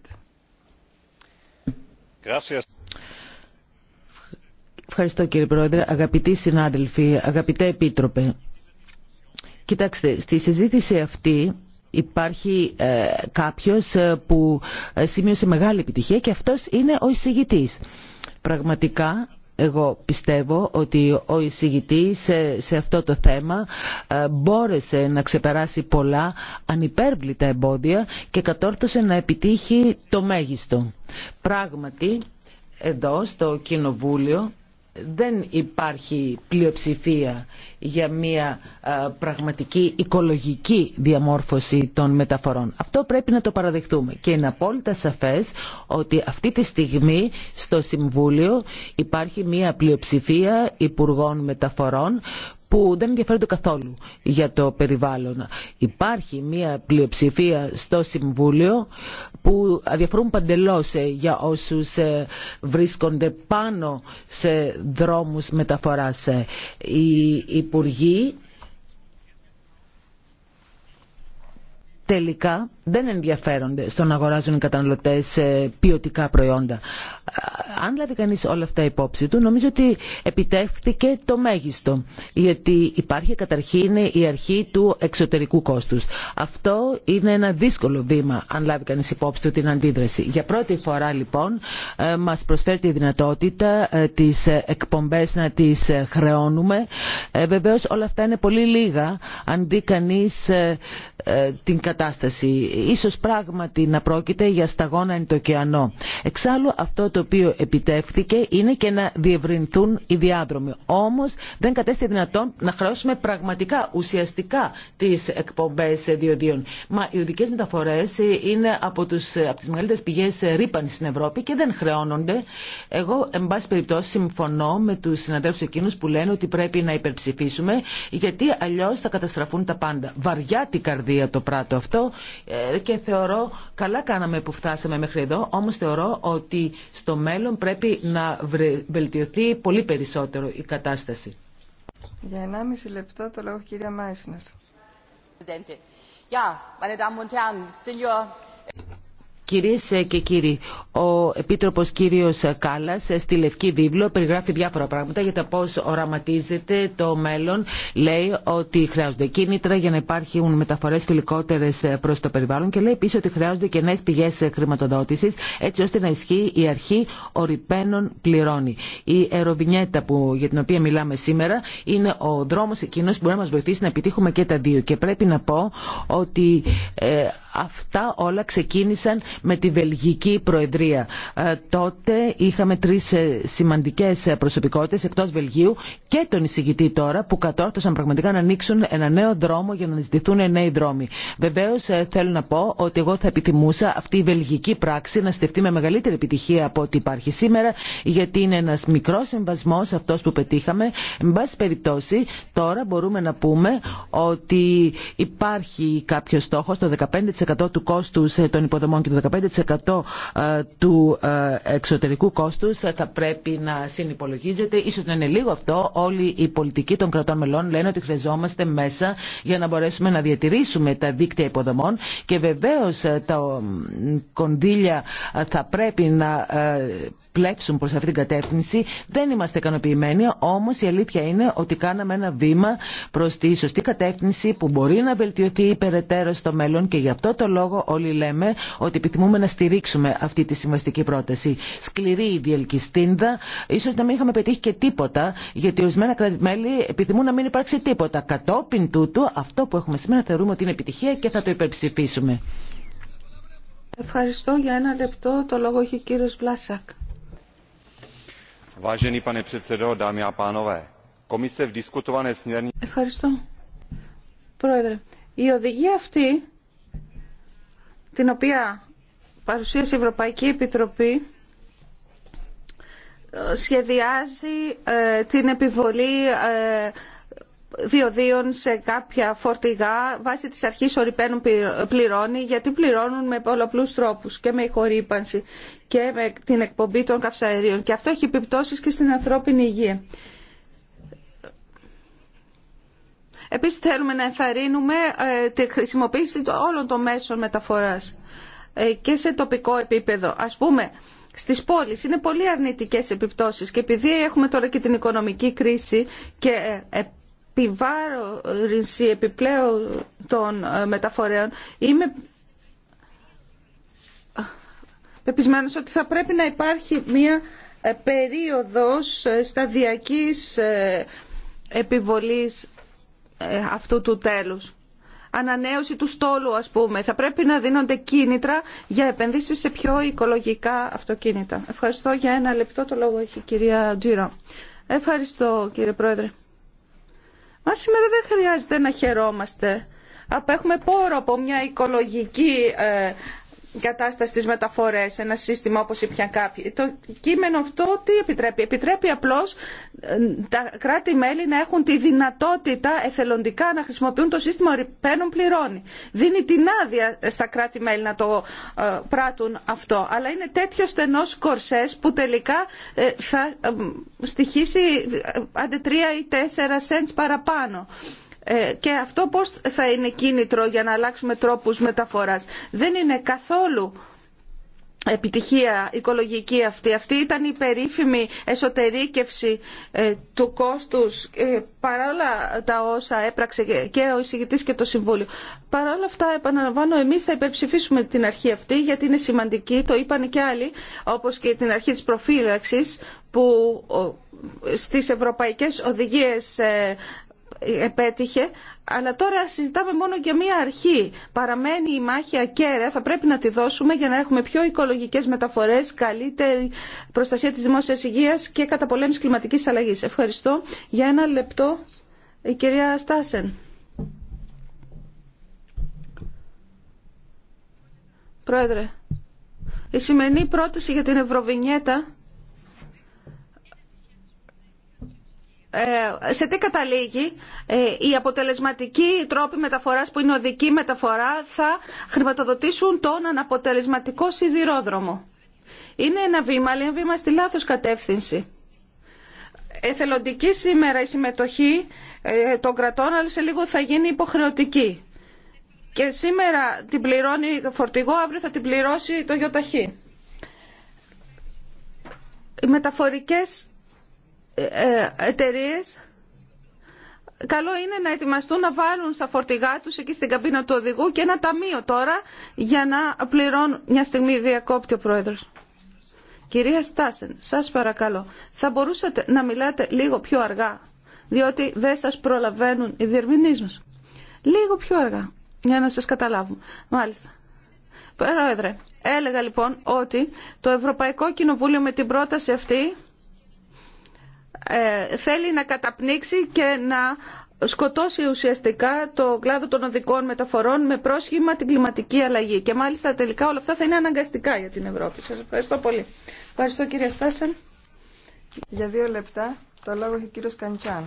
Ευχαριστώ κύριε Πρόεδρε. Αγαπητοί συνάδελφοι, αγαπητέ Επίτροπε. Κοιτάξτε, στη συζήτηση αυτή υπάρχει ε, κάποιος ε, που ε, σημείωσε μεγάλη επιτυχία και αυτός είναι ο εισηγητής. Πραγματικά εγώ πιστεύω ότι ο εισηγητής σε, αυτό το θέμα ε, μπόρεσε να ξεπεράσει πολλά ανυπέρβλητα εμπόδια και κατόρθωσε να επιτύχει το μέγιστο. Πράγματι, εδώ στο Κοινοβούλιο δεν υπάρχει πλειοψηφία για μια ε, πραγματική οικολογική διαμόρφωση των μεταφορών. Αυτό πρέπει να το παραδεχτούμε και είναι απόλυτα σαφές ότι αυτή τη στιγμή στο Συμβούλιο υπάρχει μια πλειοψηφία Υπουργών Μεταφορών που δεν ενδιαφέρονται καθόλου για το περιβάλλον. Υπάρχει μια πλειοψηφία στο Συμβούλιο που αδιαφορούν παντελώς ε, για όσους ε, βρίσκονται πάνω σε δρόμους μεταφοράς. Ε, οι υπουργοί τελικά δεν ενδιαφέρονται στο να αγοράζουν οι καταναλωτές ποιοτικά προϊόντα αν λάβει κανείς όλα αυτά υπόψη του, νομίζω ότι επιτεύχθηκε το μέγιστο. Γιατί υπάρχει καταρχήν η αρχή του εξωτερικού κόστους. Αυτό είναι ένα δύσκολο βήμα, αν λάβει κανείς υπόψη του την αντίδραση. Για πρώτη φορά λοιπόν ε, μας προσφέρει τη δυνατότητα ε, τις εκπομπές να τις ε, χρεώνουμε. Βεβαίως όλα αυτά είναι πολύ λίγα, αν δει κανείς την κατάσταση. Ίσως πράγματι να πρόκειται για σταγόνα εν το ωκεανό. αυτό το οποίο επιτεύχθηκε είναι και να διευρυνθούν οι διάδρομοι. Όμω δεν κατέστη δυνατόν να χρεώσουμε πραγματικά, ουσιαστικά τι εκπομπέ διοδίων. Μα οι οδικέ μεταφορέ είναι από, τους, από τις μεγαλύτερες πηγές ρήπανση στην Ευρώπη και δεν χρεώνονται. Εγώ, εν πάση περιπτώσει, συμφωνώ με του συναδέλφου εκείνου που λένε ότι πρέπει να υπερψηφίσουμε γιατί αλλιώ θα καταστραφούν τα πάντα. Βαριά την καρδία το πράτο αυτό ε, και θεωρώ καλά κάναμε που φτάσαμε μέχρι εδώ, όμω θεωρώ ότι στο μέλλον πρέπει να βελτιωθεί πολύ περισσότερο η κατάσταση. Για 1,5 λεπτό το λόγο κυρία Μάισνερ. Κυρίες και κύριοι, ο Επίτροπος κύριος Κάλλας στη Λευκή Βίβλο περιγράφει διάφορα πράγματα για τα πώς οραματίζεται το μέλλον. Λέει ότι χρειάζονται κίνητρα για να υπάρχουν μεταφορές φιλικότερες προς το περιβάλλον και λέει επίσης ότι χρειάζονται και νέες πηγές χρηματοδότησης έτσι ώστε να ισχύει η αρχή ορυπαίνων πληρώνει. Η αεροβινιέτα που, για την οποία μιλάμε σήμερα είναι ο δρόμος εκείνος που μπορεί να μας βοηθήσει να επιτύχουμε και τα δύο και πρέπει να πω ότι ε, αυτά όλα ξεκίνησαν με τη Βελγική Προεδρία. Ε, τότε είχαμε τρεις ε, σημαντικές ε, προσωπικότητε εκτός Βελγίου και τον εισηγητή τώρα που κατόρθωσαν πραγματικά να ανοίξουν ένα νέο δρόμο για να ζητηθούν νέοι δρόμοι. Βεβαίω θέλω να πω ότι εγώ θα επιθυμούσα αυτή η βελγική πράξη να στεφτεί με μεγαλύτερη επιτυχία από ό,τι υπάρχει σήμερα γιατί είναι ένα μικρό συμβασμό αυτό που πετύχαμε. Εν πάση περιπτώσει τώρα μπορούμε να πούμε ότι υπάρχει κάποιο στόχο το 15% του κόστου των υποδομών και το 15% ε, του ε, εξωτερικού κόστους ε, θα πρέπει να συνυπολογίζεται. Ίσως να είναι λίγο αυτό. Όλοι οι πολιτικοί των κρατών μελών λένε ότι χρειαζόμαστε μέσα για να μπορέσουμε να διατηρήσουμε τα δίκτυα υποδομών και βεβαίω τα κονδύλια θα πρέπει να πλέξουν προς αυτή την κατεύθυνση. Δεν είμαστε ικανοποιημένοι, όμως η αλήθεια είναι ότι κάναμε ένα βήμα προς τη σωστή κατεύθυνση που μπορεί να βελτιωθεί υπεραιτέρω στο μέλλον και γι' αυτό το λόγο όλοι λέμε ότι επιθυμούμε να στηρίξουμε αυτή τη συμβαστική πρόταση. Σκληρή η διελκυστίνδα, ίσω να μην είχαμε πετύχει και τίποτα, γιατί ορισμένα κράτη-μέλη επιθυμούν να μην υπάρξει τίποτα. Κατόπιν τούτου, αυτό που έχουμε σήμερα θεωρούμε ότι είναι επιτυχία και θα το υπερψηφίσουμε. Ευχαριστώ για ένα λεπτό. Το λόγο έχει ο κύριος Βλάσακ. Ευχαριστώ. Πρόεδρε, η οδηγία αυτή, την οποία Παρουσίαση η Ευρωπαϊκή Επιτροπή ε, σχεδιάζει ε, την επιβολή ε, διοδίων σε κάποια φορτηγά βάσει της αρχής ορυπαίνουν πληρώνει γιατί πληρώνουν με πολλαπλούς τρόπους και με ηχορύπανση και με την εκπομπή των καυσαερίων και αυτό έχει επιπτώσεις και στην ανθρώπινη υγεία. Επίσης θέλουμε να ενθαρρύνουμε τη χρησιμοποίηση όλων των μέσων μεταφοράς. Ε, και σε τοπικό επίπεδο. Ας πούμε, στις πόλεις είναι πολύ αρνητικές επιπτώσεις και επειδή έχουμε τώρα και την οικονομική κρίση και ε, επιβάρυνση επιπλέον των ε, μεταφορέων, είμαι πεπισμένος ότι θα πρέπει να υπάρχει μία περίοδος σταδιακής επιβολής αυτού του τέλους ανανέωση του στόλου ας πούμε. Θα πρέπει να δίνονται κίνητρα για επενδύσεις σε πιο οικολογικά αυτοκίνητα. Ευχαριστώ για ένα λεπτό το λόγο έχει η κυρία Τζιρα. Ευχαριστώ κύριε Πρόεδρε. Μα σήμερα δεν χρειάζεται να χαιρόμαστε. Απέχουμε πόρο από μια οικολογική ε, κατάσταση στις μεταφορές, ένα σύστημα όπως είπαν κάποιοι. Το κείμενο αυτό τι επιτρέπει. Επιτρέπει απλώς ε, τα κράτη-μέλη να έχουν τη δυνατότητα εθελοντικά να χρησιμοποιούν το σύστημα ρηπαίνων πληρώνει. Δίνει την άδεια στα κράτη-μέλη να το ε, πράττουν αυτό. Αλλά είναι τέτοιο στενός κορσές που τελικά ε, θα στοιχήσει άντε τρία ή τέσσερα σέντς παραπάνω. Ε, και αυτό πώς θα είναι κίνητρο για να αλλάξουμε τρόπους μεταφοράς. Δεν είναι καθόλου επιτυχία οικολογική αυτή. Αυτή ήταν η περίφημη εσωτερήκευση ε, του κόστους ε, παρόλα τα όσα έπραξε και ο εισηγητής και το Συμβούλιο. όλα αυτά, επαναλαμβάνω, εμείς θα υπερψηφίσουμε την αρχή αυτή γιατί είναι σημαντική, το είπαν και άλλοι, όπως και την αρχή της προφύλαξης που στις ευρωπαϊκές οδηγίες επέτυχε, αλλά τώρα συζητάμε μόνο για μία αρχή. Παραμένει η μάχη ακέραια, θα πρέπει να τη δώσουμε για να έχουμε πιο οικολογικές μεταφορές, καλύτερη προστασία της δημόσιας υγείας και καταπολέμηση κλιματικής αλλαγής. Ευχαριστώ. Για ένα λεπτό, η κυρία Στάσεν. Πρόεδρε, η σημερινή πρόταση για την Ευρωβινιέτα Ε, σε τι καταλήγει η ε, αποτελεσματική τρόποι μεταφοράς που είναι οδική μεταφορά θα χρηματοδοτήσουν τον αναποτελεσματικό σιδηρόδρομο. Είναι ένα βήμα, αλλά βήμα στη λάθος κατεύθυνση. Εθελοντική σήμερα η συμμετοχή ε, των κρατών, αλλά σε λίγο θα γίνει υποχρεωτική. Και σήμερα την πληρώνει το φορτηγό, αύριο θα την πληρώσει το γιοταχή. Οι μεταφορικές ε, ε, εταιρείε. Καλό είναι να ετοιμαστούν να βάλουν στα φορτηγά του εκεί στην καμπίνα του οδηγού και ένα ταμείο τώρα για να πληρώνουν μια στιγμή διακόπτει ο πρόεδρος. Κυρία Στάσεν, σας παρακαλώ, θα μπορούσατε να μιλάτε λίγο πιο αργά, διότι δεν σας προλαβαίνουν οι διερμηνείς μα. Λίγο πιο αργά, για να σας καταλάβουμε. Μάλιστα. Πρόεδρε, έλεγα λοιπόν ότι το Ευρωπαϊκό Κοινοβούλιο με την πρόταση αυτή ε, θέλει να καταπνίξει και να σκοτώσει ουσιαστικά το κλάδο των οδικών μεταφορών με πρόσχημα την κλιματική αλλαγή. Και μάλιστα τελικά όλα αυτά θα είναι αναγκαστικά για την Ευρώπη. Σας ευχαριστώ πολύ. Ευχαριστώ κύριε Στάσεν. Για δύο λεπτά το λόγο έχει ο κύριος Καντσάν.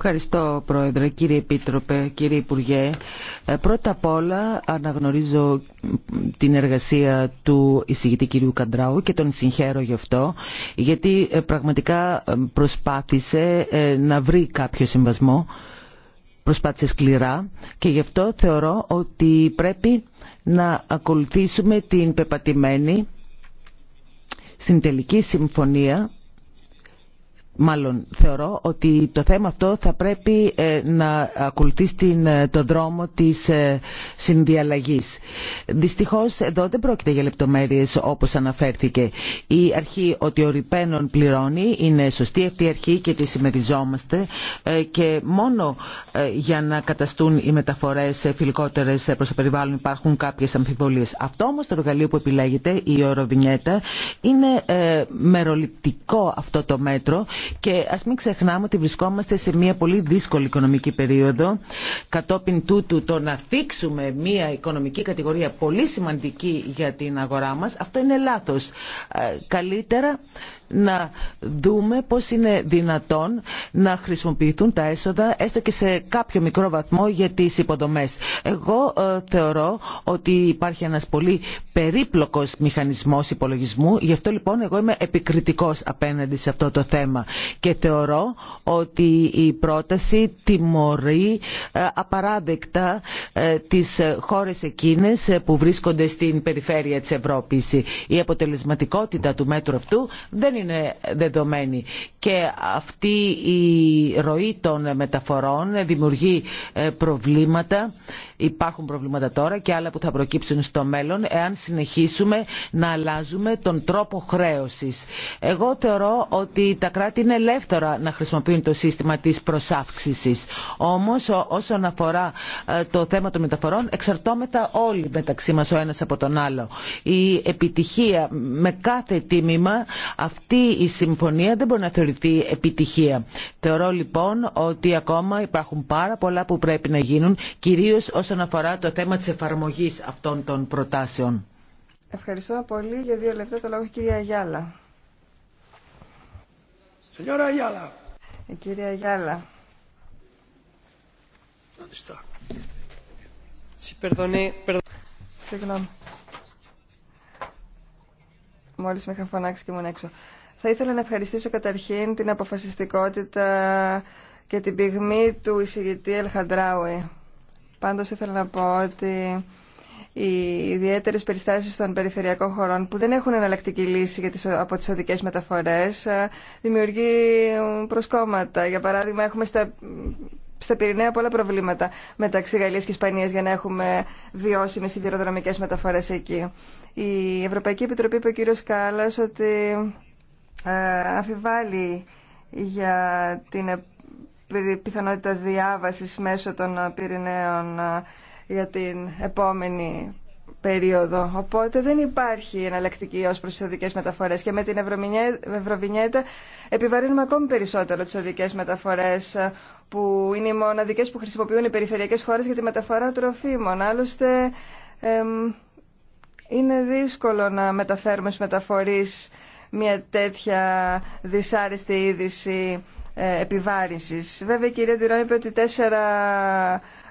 Ευχαριστώ Πρόεδρε, κύριε Επίτροπε, κύριε Υπουργέ. Ε, πρώτα απ' όλα αναγνωρίζω την εργασία του εισηγητή κυρίου Καντράου και τον συγχαίρω γι' αυτό γιατί ε, πραγματικά ε, προσπάθησε να βρει κάποιο συμβασμό προσπάθησε σκληρά και γι' αυτό θεωρώ ότι πρέπει να ακολουθήσουμε την πεπατημένη στην τελική συμφωνία μάλλον θεωρώ ότι το θέμα αυτό θα πρέπει ε, να ακολουθεί ε, τον δρόμο της ε, συνδιαλλαγής. Δυστυχώς εδώ δεν πρόκειται για λεπτομέρειες όπως αναφέρθηκε. Η αρχή ότι ο ρηπαίνων πληρώνει είναι σωστή αυτή η αρχή και τη συμμεριζόμαστε και μόνο για να καταστούν οι μεταφορές φιλικότερες προς το περιβάλλον υπάρχουν κάποιες αμφιβολίες. Αυτό όμως το εργαλείο που επιλέγεται, η είναι μεροληπτικό αυτό το μέτρο και α μην ξεχνάμε ότι βρισκόμαστε σε μια πολύ δύσκολη οικονομική περίοδο. Κατόπιν τούτου το να θίξουμε μια οικονομική κατηγορία πολύ σημαντική για την αγορά μα, αυτό είναι λάθο. Ε, καλύτερα να δούμε πώς είναι δυνατόν να χρησιμοποιηθούν τα έσοδα έστω και σε κάποιο μικρό βαθμό για τις υποδομές. Εγώ ε, θεωρώ ότι υπάρχει ένας πολύ περίπλοκος μηχανισμός υπολογισμού γι' αυτό λοιπόν εγώ είμαι επικριτικός απέναντι σε αυτό το θέμα και θεωρώ ότι η πρόταση τιμωρεί ε, απαράδεκτα ε, τις χώρες εκείνες ε, που βρίσκονται στην περιφέρεια της Ευρώπης. Η αποτελεσματικότητα του μέτρου αυτού δεν είναι δεδομένη και αυτή η ροή των μεταφορών δημιουργεί ε, προβλήματα. Υπάρχουν προβλήματα τώρα και άλλα που θα προκύψουν στο μέλλον εάν συνεχίσουμε να αλλάζουμε τον τρόπο χρέωσης. Εγώ θεωρώ ότι τα κράτη είναι ελεύθερα να χρησιμοποιούν το σύστημα της προσάυξησης. Όμως όσον αφορά ε, το θέμα των μεταφορών εξαρτώμεθα όλοι μεταξύ μας ο ένας από τον άλλο. Η επιτυχία με κάθε τίμημα αυτή αυτή η συμφωνία δεν μπορεί να θεωρηθεί επιτυχία. Θεωρώ λοιπόν ότι ακόμα υπάρχουν πάρα πολλά που πρέπει να γίνουν, κυρίως όσον αφορά το θέμα της εφαρμογής αυτών των προτάσεων. Ευχαριστώ πολύ. Για δύο λεπτά το λόγο η κυρία Γιάλα. Γιάλα. Η ε, κυρία Γιάλα. Συγγνώμη. Μόλις με είχα φωνάξει και ήμουν έξω. Θα ήθελα να ευχαριστήσω καταρχήν την αποφασιστικότητα και την πυγμή του εισηγητή Ελχαντράουι. Πάντως ήθελα να πω ότι οι ιδιαίτερες περιστάσεις των περιφερειακών χωρών που δεν έχουν εναλλακτική λύση για τις, από τις οδικές μεταφορές ε, δημιουργεί προσκόμματα. Για παράδειγμα έχουμε στα, στα Πυρηναία πολλά προβλήματα μεταξύ Γαλλίας και Ισπανίας για να έχουμε βιώσιμες σιδηροδρομικές μεταφορές εκεί. Η Ευρωπαϊκή Επιτροπή είπε ο κύριος Κάλλας ότι ε, αφιβάλλει για την πιθανότητα διάβασης μέσω των ε, πυρηναίων ε, για την επόμενη περίοδο. Οπότε δεν υπάρχει εναλλακτική ως προς τις οδικές μεταφορές και με την Ευρωβινιέτα επιβαρύνουμε ακόμη περισσότερο τις οδικές μεταφορές που είναι οι μοναδικές που χρησιμοποιούν οι περιφερειακές χώρες για τη μεταφορά τροφίμων. Άλλωστε είναι δύσκολο να μεταφέρουμε στους μεταφορείς μια τέτοια δυσάρεστη είδηση ε, επιβάρησης. Βέβαια η κυρία Τυρών είπε ότι τέσσερα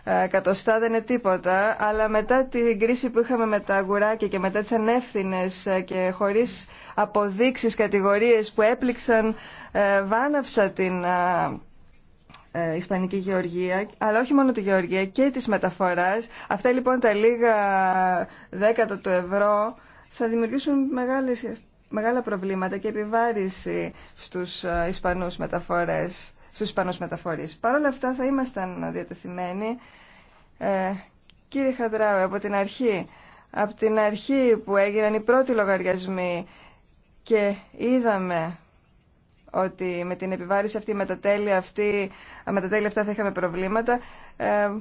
ε, εκατοστά δεν είναι τίποτα, αλλά μετά την κρίση που είχαμε με τα αγουράκια και μετά τις ανεύθυνες ε, και χωρίς αποδείξεις, κατηγορίες που έπληξαν βάναυσα την Ισπανική Γεωργία, αλλά όχι μόνο τη Γεωργία και της μεταφοράς. Αυτά λοιπόν τα λίγα δέκατα του ευρώ θα δημιουργήσουν μεγάλες μεγάλα προβλήματα και επιβάρηση στους ε, Ισπανούς μεταφορές, στους Ισπανούς μεταφορείς. Παρ' όλα αυτά θα ήμασταν διατεθειμένοι, ε, κύριε Χαδράου, από την αρχή, από την αρχή που έγιναν οι πρώτοι λογαριασμοί και είδαμε ότι με την επιβάρηση αυτή, με τα τέλη, αυτή, αυτά θα είχαμε προβλήματα, ε,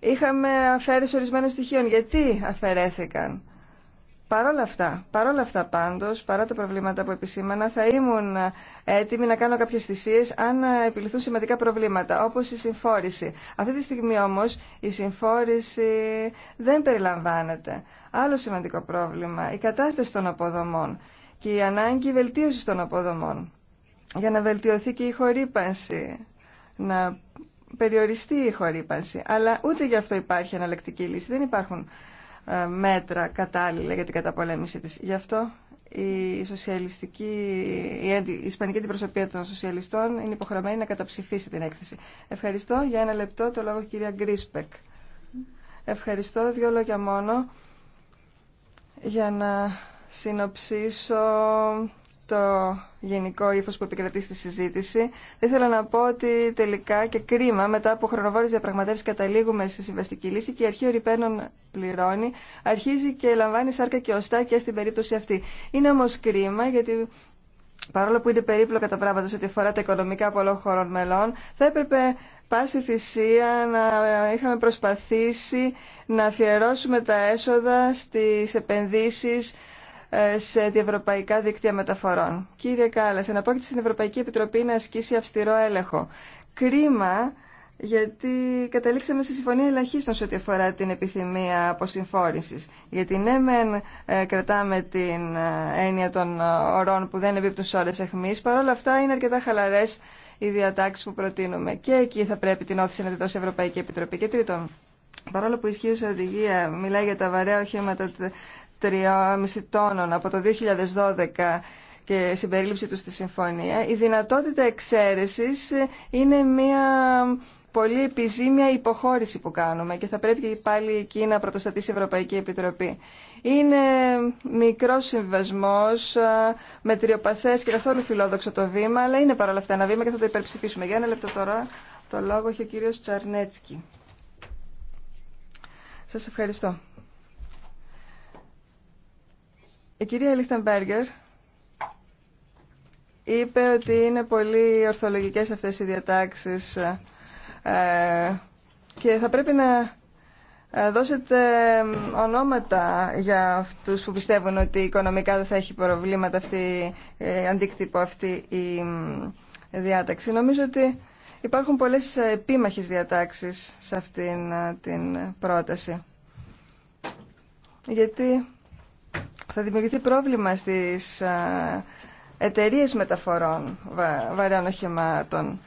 είχαμε αφαίρεση ορισμένων στοιχείων. Γιατί αφαιρέθηκαν. Παρόλα αυτά, παρόλα αυτά πάντως, παρά τα προβλήματα που επισήμανα, θα ήμουν έτοιμη να κάνω κάποιες θυσίες αν επιληθούν σημαντικά προβλήματα, όπως η συμφόρηση. Αυτή τη στιγμή όμως η συμφόρηση δεν περιλαμβάνεται. Άλλο σημαντικό πρόβλημα, η κατάσταση των αποδομών και η ανάγκη βελτίωσης των αποδομών για να βελτιωθεί και η χορύπανση, να περιοριστεί η χορύπανση. Αλλά ούτε γι' αυτό υπάρχει αναλεκτική λύση, δεν υπάρχουν ε, μέτρα κατάλληλα για την καταπολέμηση της. Γι' αυτό η, σοσιαλιστική, η, ισπανική αντιπροσωπεία των σοσιαλιστών είναι υποχρεωμένη να καταψηφίσει την έκθεση. Ευχαριστώ. Για ένα λεπτό το λόγο κυρία Γκρίσπεκ. Ευχαριστώ. Δύο λόγια μόνο για να συνοψίσω το γενικό ύφο που επικρατεί στη συζήτηση. Δεν ήθελα να πω ότι τελικά και κρίμα μετά από χρονοβόρε διαπραγματεύσει καταλήγουμε σε συμβαστική λύση και η αρχή ορυπαίνων πληρώνει, αρχίζει και λαμβάνει σάρκα και οστά και στην περίπτωση αυτή. Είναι όμω κρίμα γιατί παρόλο που είναι περίπλοκα τα πράγματα σε ό,τι αφορά τα οικονομικά πολλών χωρών μελών, θα έπρεπε πάση θυσία να είχαμε προσπαθήσει να αφιερώσουμε τα έσοδα στις επενδύσεις σε διευρωπαϊκά δίκτυα μεταφορών. Κύριε Κάλλας, εναπόκειται στην Ευρωπαϊκή Επιτροπή να ασκήσει αυστηρό έλεγχο. Κρίμα, γιατί καταλήξαμε στη συμφωνία ελαχίστων σε ό,τι αφορά την επιθυμία αποσυμφόρησης. Γιατί ναι, μεν ε, κρατάμε την ε, έννοια των ορών ε, που δεν επίπτουν σε ώρες αιχμή, παρόλα αυτά είναι αρκετά χαλαρές οι διατάξει που προτείνουμε. Και εκεί θα πρέπει την όθηση να τη δώσει η Ευρωπαϊκή Επιτροπή. Και τρίτον, παρόλο που η οδηγία μιλάει για τα βαρέα οχήματα 3,5 τόνων από το 2012 και συμπερίληψη του στη συμφωνία, η δυνατότητα εξαίρεσης είναι μια πολύ επιζήμια υποχώρηση που κάνουμε και θα πρέπει και πάλι εκεί να πρωτοστατήσει η Ευρωπαϊκή Επιτροπή. Είναι μικρός συμβασμός, τριοπαθές και καθόλου φιλόδοξο το βήμα, αλλά είναι παρόλα αυτά ένα βήμα και θα το υπερψηφίσουμε. Για ένα λεπτό τώρα το λόγο έχει ο κύριος Τσαρνέτσκι. Σας ευχαριστώ. Η κυρία Λίχτεμπέργκερ είπε ότι είναι πολύ ορθολογικές αυτές οι διατάξεις ε, και θα πρέπει να ε, δώσετε ονόματα για αυτούς που πιστεύουν ότι οικονομικά δεν θα έχει προβλήματα αυτή, ε, αντίκτυπο αυτή η διάταξη. Νομίζω ότι υπάρχουν πολλές επίμαχες διατάξεις σε αυτήν την πρόταση. Γιατί θα δημιουργηθεί πρόβλημα στις ε, εταιρείες μεταφορών βα, βαρέων οχημάτων.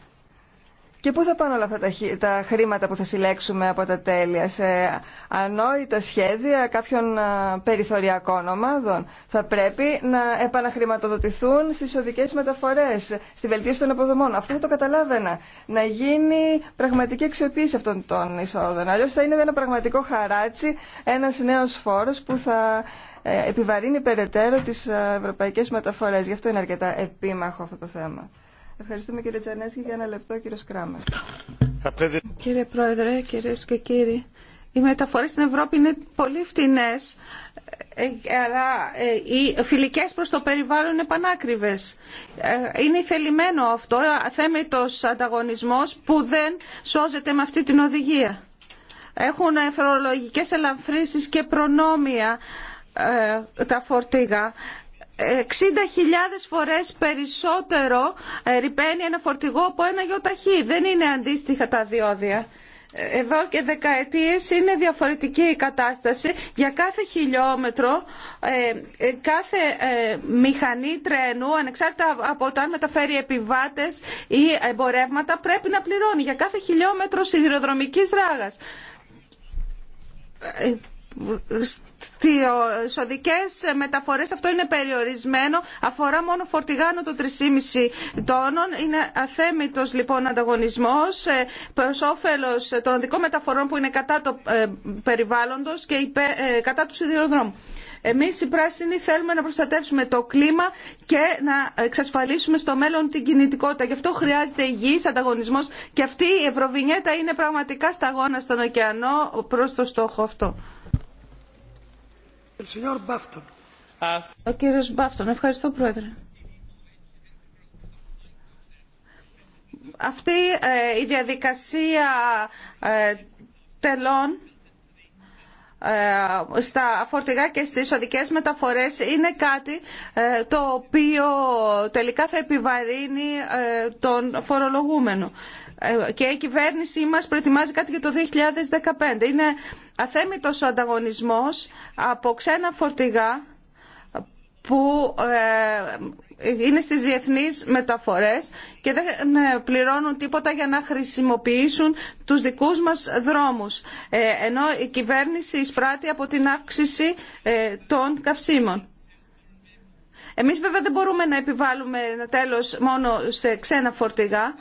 Και πού θα πάνε όλα αυτά τα, χρήματα που θα συλλέξουμε από τα τέλεια, σε ανόητα σχέδια κάποιων περιθωριακών ομάδων. Θα πρέπει να επαναχρηματοδοτηθούν στις οδικές μεταφορές, στη βελτίωση των αποδομών. Αυτό θα το καταλάβαινα. Να γίνει πραγματική αξιοποίηση αυτών των εισόδων. Αλλιώς θα είναι ένα πραγματικό χαράτσι, ένας νέος φόρος που θα ε, επιβαρύνει περαιτέρω τις ε, ευρωπαϊκές μεταφορές. Γι' επαναχρηματοδοτηθουν στι είναι αρκετά επίμαχο αυτό το καταλαβαινα να γινει πραγματικη αξιοποιηση αυτων των εισοδων αλλιω θα ειναι ενα πραγματικο χαρατσι ενα νεο φορο που θα επιβαρυνει περαιτερω τι ευρωπαικε μεταφορε γι αυτο ειναι αρκετα επιμαχο αυτο το θεμα Ευχαριστούμε κύριε Τζανέσκη για ένα λεπτό κύριο Σκράμερ. Κύριε Πρόεδρε, κυρίε και κύριοι, οι μεταφορέ στην Ευρώπη είναι πολύ φτηνέ, ε, αλλά ε, οι φιλικέ προς το περιβάλλον είναι πανάκριβες. Ε, είναι θελημένο αυτό, αθέμητο ανταγωνισμό που δεν σώζεται με αυτή την οδηγία. Έχουν φορολογικέ ελαφρύνσει και προνόμια τα φορτίγα 60.000 φορές περισσότερο ε, ρηπαίνει ένα φορτηγό από ένα γιοταχή. Δεν είναι αντίστοιχα τα διόδια. Εδώ και δεκαετίες είναι διαφορετική η κατάσταση. Για κάθε χιλιόμετρο, ε, ε, κάθε μηχανή τρένου, ανεξάρτητα από το αν μεταφέρει επιβάτες ή εμπορεύματα, πρέπει να πληρώνει για κάθε χιλιόμετρο σιδηροδρομικής ράγας στι οδικές μεταφορές αυτό είναι περιορισμένο, αφορά μόνο φορτηγάνο το 3,5 τόνων. Είναι αθέμητος λοιπόν ανταγωνισμός ε, προ όφελο των οδικών μεταφορών που είναι κατά το ε, περιβάλλοντος και ε, κατά του σιδηροδρόμου. Εμείς οι πράσινοι θέλουμε να προστατεύσουμε το κλίμα και να εξασφαλίσουμε στο μέλλον την κινητικότητα. Γι' αυτό χρειάζεται υγιής ανταγωνισμός και αυτή η Ευρωβινιέτα είναι πραγματικά σταγόνα στον ωκεανό προς το στόχο αυτό. Ο κύριος Μπάφτον, ευχαριστώ πρόεδρε. Αυτή ε, η διαδικασία ε, τελών ε, στα φορτηγά και στις οδικές μεταφορές είναι κάτι το οποίο τελικά θα επιβαρύνει τον φορολογούμενο και η κυβέρνησή μας προετοιμάζει κάτι για το 2015. Είναι αθέμητος ο ανταγωνισμός από ξένα φορτηγά που ε, είναι στις διεθνείς μεταφορές και δεν ε, πληρώνουν τίποτα για να χρησιμοποιήσουν τους δικούς μας δρόμους. Ε, ενώ η κυβέρνηση εισπράττει από την αύξηση των καυσίμων. Εμείς βέβαια δεν μπορούμε να επιβάλλουμε τέλος μόνο σε ξένα φορτηγά.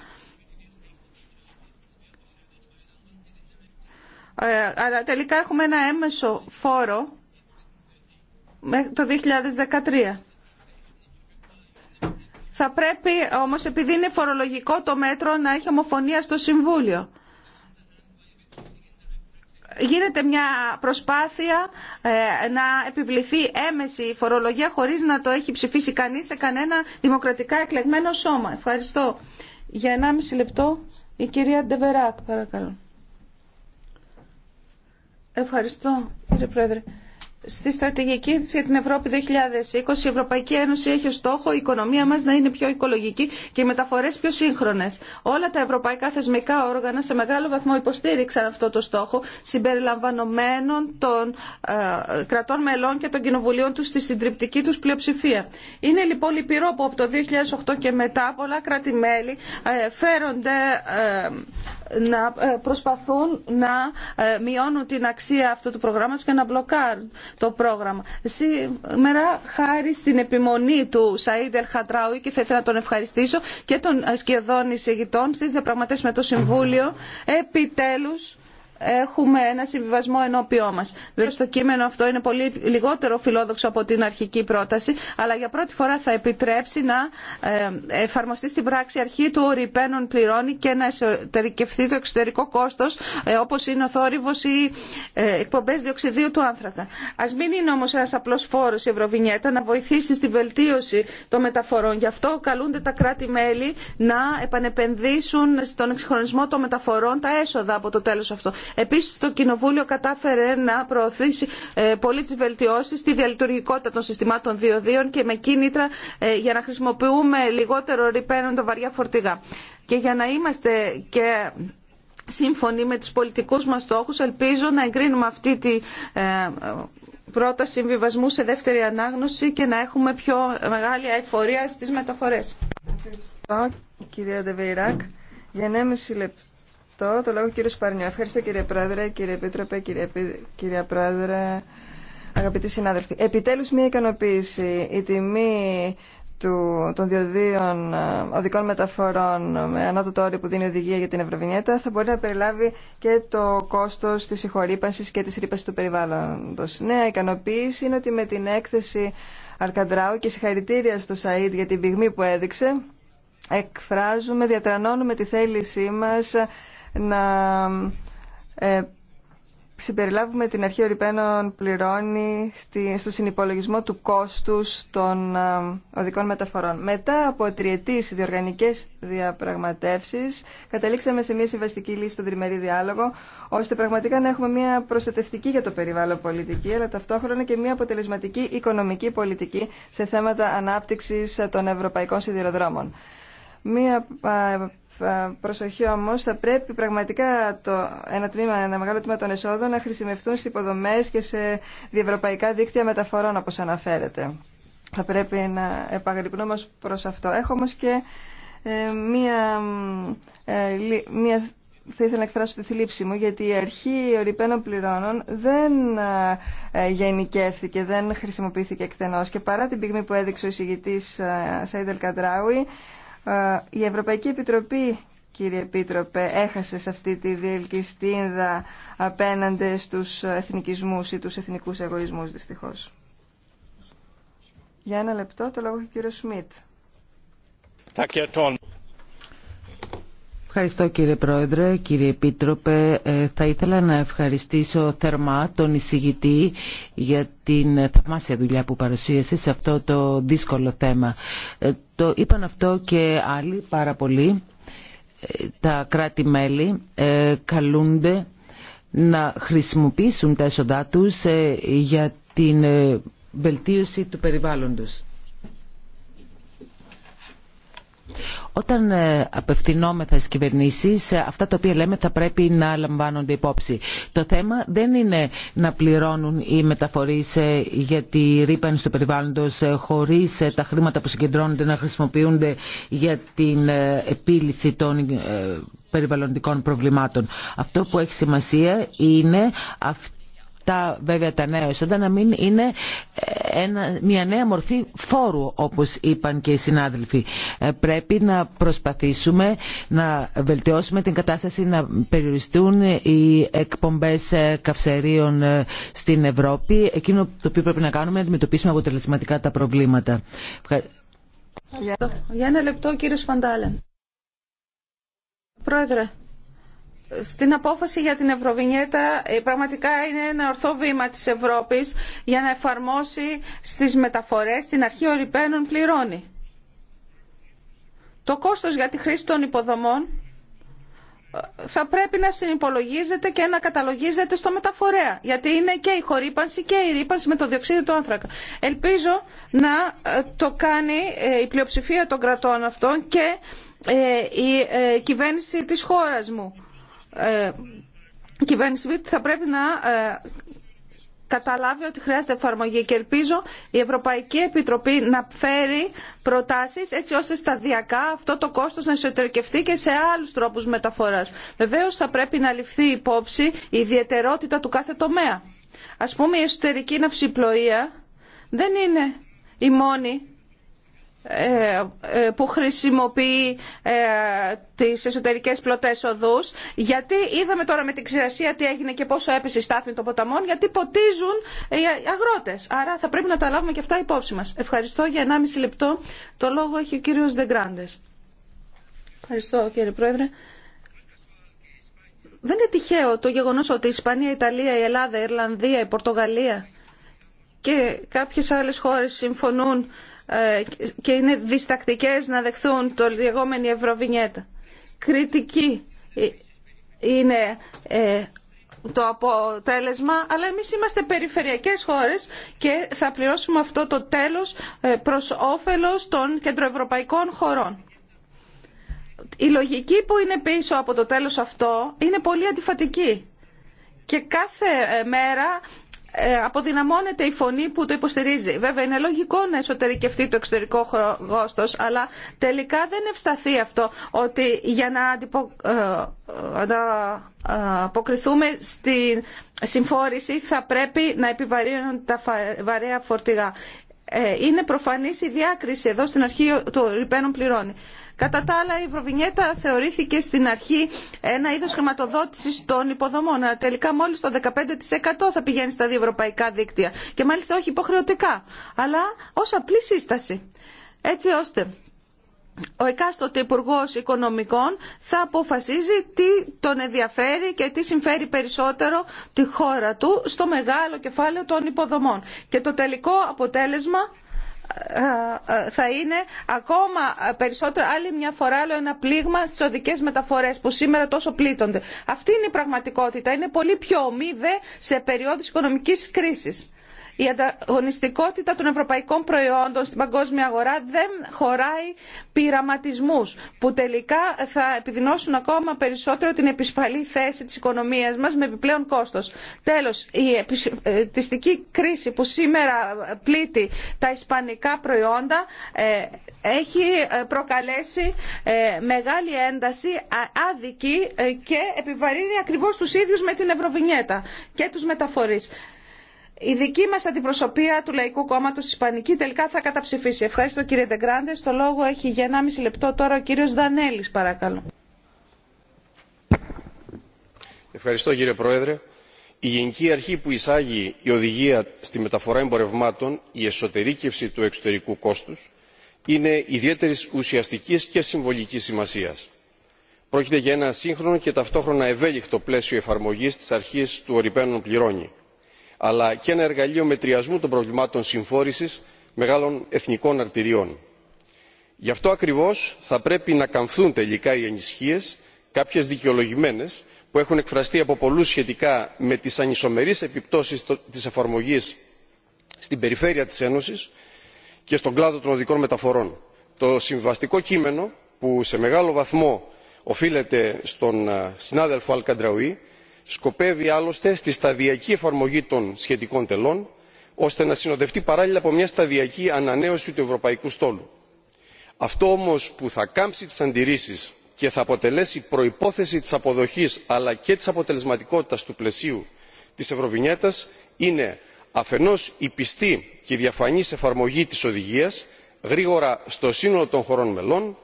Ε, αλλά τελικά έχουμε ένα έμεσο φόρο το 2013. Θα πρέπει όμως επειδή είναι φορολογικό το μέτρο να έχει ομοφωνία στο Συμβούλιο. Γίνεται μια προσπάθεια ε, να επιβληθεί έμεση φορολογία χωρίς να το έχει ψηφίσει κανείς σε κανένα δημοκρατικά εκλεγμένο σώμα. Ευχαριστώ. Για 1,5 λεπτό η κυρία Ντεβεράκ παρακαλώ. Ευχαριστώ, κύριε Πρόεδρε. Στη στρατηγική της για την Ευρώπη 2020 η Ευρωπαϊκή Ένωση έχει ως στόχο η οικονομία μας να είναι πιο οικολογική και οι μεταφορές πιο σύγχρονες. Όλα τα ευρωπαϊκά θεσμικά όργανα σε μεγάλο βαθμό υποστήριξαν αυτό το στόχο συμπεριλαμβανομένων των ε, κρατών μελών και των κοινοβουλίων τους στη συντριπτική τους πλειοψηφία. Είναι λοιπόν λυπηρό που από το 2008 και μετά πολλά κράτη-μέλη ε, φέρονται... Ε, να ε, προσπαθούν να ε, μειώνουν την αξία αυτού του προγράμματος και να μπλοκάρουν το πρόγραμμα. Σήμερα, χάρη στην επιμονή του Σαΐντ Ελχατράουι και θα ήθελα να τον ευχαριστήσω και των ε, σχεδόν εισηγητών στις διαπραγματεύσεις με το Συμβούλιο, επιτέλους έχουμε ένα συμβιβασμό ενώπιό μα. Βέβαια, στο κείμενο αυτό είναι πολύ λιγότερο φιλόδοξο από την αρχική πρόταση, αλλά για πρώτη φορά θα επιτρέψει να ε, εφαρμοστεί στην πράξη αρχή του ρηπαίνων πληρώνει και να εσωτερικευθεί το εξωτερικό κόστο, ε, όπω είναι ο θόρυβο ή ε, εκπομπέ διοξιδίου του άνθρακα. Α μην είναι όμω ένα απλό φόρο η Ευρωβινιέτα να βοηθήσει στη βελτίωση των μεταφορών. Γι' αυτό καλούνται τα κράτη-μέλη να επανεπενδύσουν στον εξυγχρονισμό των μεταφορών τα έσοδα από το τέλο αυτό. Επίση, το Κοινοβούλιο κατάφερε να προωθήσει ε, πολύ τι βελτιώσει στη διαλειτουργικότητα των συστημάτων διοδίων και με κίνητρα ε, για να χρησιμοποιούμε λιγότερο ρηπαίνοντα βαριά φορτηγά. Και για να είμαστε και σύμφωνοι με τους πολιτικούς μας στόχους, ελπίζω να εγκρίνουμε αυτή τη ε, πρόταση συμβιβασμού σε δεύτερη ανάγνωση και να έχουμε πιο μεγάλη αεφορία στις μεταφορές. Ευχαριστώ, κυρία Ντεβεϊράκ. Για το λόγο κύριο Σπαρνιό. Ευχαριστώ κύριε Πρόεδρε, κύριε Επίτροπε, κύριε, κυρία Πρόεδρε, αγαπητοί συνάδελφοι. Επιτέλους μια ικανοποίηση. Η τιμή του, των διοδίων ε, οδικών μεταφορών με ανώτατο όριο που δίνει οδηγία για την Ευρωβινιέτα θα μπορεί να περιλάβει και το κόστο τη συγχωρήπανση και τη ρήπανση του περιβάλλοντο. Νέα ικανοποίηση είναι ότι με την έκθεση Αρκαντράου και συγχαρητήρια στο ΣαΐΔ για την πυγμή που έδειξε εκφράζουμε, διατρανώνουμε τη θέλησή μας να ε, συμπεριλάβουμε την αρχή ορυπαίνων πληρώνει στη, στο συνυπολογισμό του κόστους των ε, οδικών μεταφορών. Μετά από τριετής διοργανικές διαπραγματεύσεις, καταλήξαμε σε μια συμβαστική λύση στον τριμερή διάλογο, ώστε πραγματικά να έχουμε μια προστατευτική για το περιβάλλον πολιτική, αλλά ταυτόχρονα και μια αποτελεσματική οικονομική πολιτική σε θέματα ανάπτυξης των ευρωπαϊκών σιδηροδρόμων. Μία προσοχή όμω, θα πρέπει πραγματικά το, ένα, τμήμα, ένα μεγάλο τμήμα των εσόδων να χρησιμευτούν στι υποδομέ και σε διευρωπαϊκά δίκτυα μεταφορών, όπω αναφέρεται. Θα πρέπει να επαγρυπνούμε προ αυτό. Έχω όμω και ε, μία, ε, μία θα ήθελα να εκφράσω τη θλίψη μου γιατί η αρχή ορυπαίνων πληρώνων δεν ε, γενικεύθηκε, δεν χρησιμοποιήθηκε εκτενώς και παρά την πυγμή που έδειξε ο εισηγητής Σαϊντελ Καντράουι ε, η Ευρωπαϊκή Επιτροπή, κύριε Επίτροπε, έχασε σε αυτή τη διελκυστίνδα απέναντι στους εθνικισμούς ή τους εθνικούς εγωισμούς, δυστυχώς. Για ένα λεπτό, το λόγο έχει ο κύριος Σμιτ. Ευχαριστώ κύριε Πρόεδρε, κύριε Επίτροπε. Ε, θα ήθελα να ευχαριστήσω θερμά τον εισηγητή για την θαυμάσια δουλειά που παρουσίασε σε αυτό το δύσκολο θέμα. Ε, το είπαν αυτό και άλλοι πάρα πολλοί. Ε, τα κράτη-μέλη ε, καλούνται να χρησιμοποιήσουν τα έσοδά τους ε, για την βελτίωση του περιβάλλοντος. Όταν ε, απευθυνόμεθα στι κυβερνήσει, ε, αυτά τα οποία λέμε θα πρέπει να λαμβάνονται υπόψη. Το θέμα δεν είναι να πληρώνουν οι μεταφορεί ε, για τη ρήπανση του περιβάλλοντο χωρί τα χρήματα που συγκεντρώνονται να χρησιμοποιούνται για την επίλυση των περιβαλλοντικών προβλημάτων. Αυτό που έχει σημασία είναι αυτή τα βέβαια τα νέα έσοδα να μην είναι ε, ένα, μια νέα μορφή φόρου όπως είπαν και οι συνάδελφοι. Ε, πρέπει να προσπαθήσουμε να βελτιώσουμε την κατάσταση να περιοριστούν οι εκπομπές ε, καυσερίων στην Ευρώπη. Εκείνο το οποίο πρέπει να κάνουμε είναι να αντιμετωπίσουμε αποτελεσματικά τα προβλήματα. Για ένα λεπτό κύριος Φαντάλεν. Πρόεδρε, στην απόφαση για την Ευρωβινιέτα ε, πραγματικά είναι ένα ορθό βήμα της Ευρώπης για να εφαρμόσει στις μεταφορές την αρχή ορυπαίνων πληρώνει. Το κόστος για τη χρήση των υποδομών ε, θα πρέπει να συνυπολογίζεται και να καταλογίζεται στο μεταφορέα. Γιατί είναι και η χορύπανση και η ρήπανση με το διοξείδιο του άνθρακα. Ελπίζω να ε, το κάνει η πλειοψηφία των κρατών αυτών και η κυβέρνηση της χώρας μου η ε, κυβέρνηση θα πρέπει να ε, καταλάβει ότι χρειάζεται εφαρμογή και ελπίζω η Ευρωπαϊκή Επιτροπή να φέρει προτάσεις έτσι ώστε σταδιακά αυτό το κόστος να εσωτερικευτεί και σε άλλους τρόπους μεταφοράς. Βεβαίως θα πρέπει να ληφθεί υπόψη η ιδιαιτερότητα του κάθε τομέα. Ας πούμε η εσωτερική ναυσιπλοεία δεν είναι η μόνη ε, ε, που χρησιμοποιεί ε, τις εσωτερικές πλωτές οδούς γιατί είδαμε τώρα με την ξηρασία τι έγινε και πόσο έπεσε η στάθμη των ποταμών γιατί ποτίζουν οι αγρότες. Άρα θα πρέπει να τα λάβουμε και αυτά υπόψη μας. Ευχαριστώ για 1,5 λεπτό. Το λόγο έχει ο κύριος Δεγκράντες. Ευχαριστώ κύριε Πρόεδρε. Δεν είναι τυχαίο το γεγονός ότι η Ισπανία, η Ιταλία, η Ελλάδα, η Ιρλανδία, η Πορτογαλία και κάποιες άλλες χώρες συμφωνούν ε, και είναι διστακτικές να δεχθούν το λεγόμενη Ευρωβινιέτα. Κριτική ε, είναι ε, το αποτέλεσμα, αλλά εμείς είμαστε περιφερειακές χώρες και θα πληρώσουμε αυτό το τέλος προς όφελος των κεντροευρωπαϊκών χωρών. Η λογική που είναι πίσω από το τέλος αυτό είναι πολύ αντιφατική. Και κάθε μέρα ε, αποδυναμώνεται η φωνή που το υποστηρίζει. Βέβαια, είναι λογικό να εσωτερικευτεί το εξωτερικό κόστο, αλλά τελικά δεν ευσταθεί αυτό ότι για να, αντιπο... Ε, ε, να αποκριθούμε στην συμφόρηση θα πρέπει να επιβαρύνουν τα βαρέα φορτηγά. Είναι προφανής η διάκριση εδώ στην αρχή του ρηπαίνων πληρώνει. Κατά τα άλλα, η Ευρωβινιέτα θεωρήθηκε στην αρχή ένα είδο χρηματοδότηση των υποδομών, αλλά τελικά μόλι το 15% θα πηγαίνει στα διευρωπαϊκά δίκτυα. Και μάλιστα όχι υποχρεωτικά, αλλά ω απλή σύσταση. Έτσι ώστε ο εκάστοτε υπουργό Οικονομικών θα αποφασίζει τι τον ενδιαφέρει και τι συμφέρει περισσότερο τη χώρα του στο μεγάλο κεφάλαιο των υποδομών. Και το τελικό αποτέλεσμα ε, ε, θα είναι ακόμα περισσότερο άλλη μια φορά άλλο ένα πλήγμα στις οδικές μεταφορές που σήμερα τόσο πλήττονται. Αυτή είναι η πραγματικότητα. Είναι πολύ πιο ομοίδε σε περιόδους οικονομικής κρίσης. Η ανταγωνιστικότητα των ευρωπαϊκών προϊόντων στην παγκόσμια αγορά δεν χωράει πειραματισμούς που τελικά θα επιδεινώσουν ακόμα περισσότερο την επισφαλή θέση της οικονομίας μας με επιπλέον κόστος. Τέλος, η επιστική κρίση που σήμερα πλήττει τα ισπανικά προϊόντα ε, έχει ε, προκαλέσει ε, μεγάλη ένταση, άδικη και επιβαρύνει ακριβώς τους ίδιους με την Ευρωβινιέτα και τους μεταφορείς η δική μας αντιπροσωπεία του Λαϊκού Κόμματος Ισπανική τελικά θα καταψηφίσει. Ευχαριστώ κύριε Ντεγκράντε. Στο λόγο έχει για 1,5 λεπτό τώρα ο κύριος Δανέλης παρακαλώ. Ευχαριστώ κύριε Πρόεδρε. Η Γενική Αρχή που εισάγει η οδηγία στη μεταφορά εμπορευμάτων, η εσωτερήκευση του εξωτερικού κόστους, είναι ιδιαίτερη ουσιαστική και συμβολική σημασία. Πρόκειται για ένα σύγχρονο και ταυτόχρονα ευέλικτο πλαίσιο εφαρμογή τη αρχή του ορυπαίνων πληρώνει αλλά και ένα εργαλείο μετριασμού των προβλημάτων συμφόρησης μεγάλων εθνικών αρτηριών. γι' αυτό ακριβώς θα πρέπει να καμφθούν τελικά οι ανησυχίες κάποιες δικαιολογημένες που έχουν εκφραστεί από πολλούς σχετικά με τις ανισομερείς επιπτώσεις της εφαρμογής στην περιφέρεια της ένωσης και στον κλάδο των οδικών μεταφορών. το συμβαστικό κείμενο που σε μεγάλο βαθμό οφείλεται στον ε, συνάδελφο αλ σκοπεύει άλλωστε στη σταδιακή εφαρμογή των σχετικών τελών ώστε να συνοδευτεί παράλληλα από μια σταδιακή ανανέωση του ευρωπαϊκού στόλου. αυτό όμως που θα κάμψει τις αντιρρήσεις και θα αποτελέσει προϋπόθεση της αποδοχής αλλά και της αποτελεσματικότητας του πλαισίου της ευρωβινιέτας είναι αφενός η πιστή και διαφανής εφαρμογή της οδηγίας γρήγορα στο σύνολο των χωρών μελών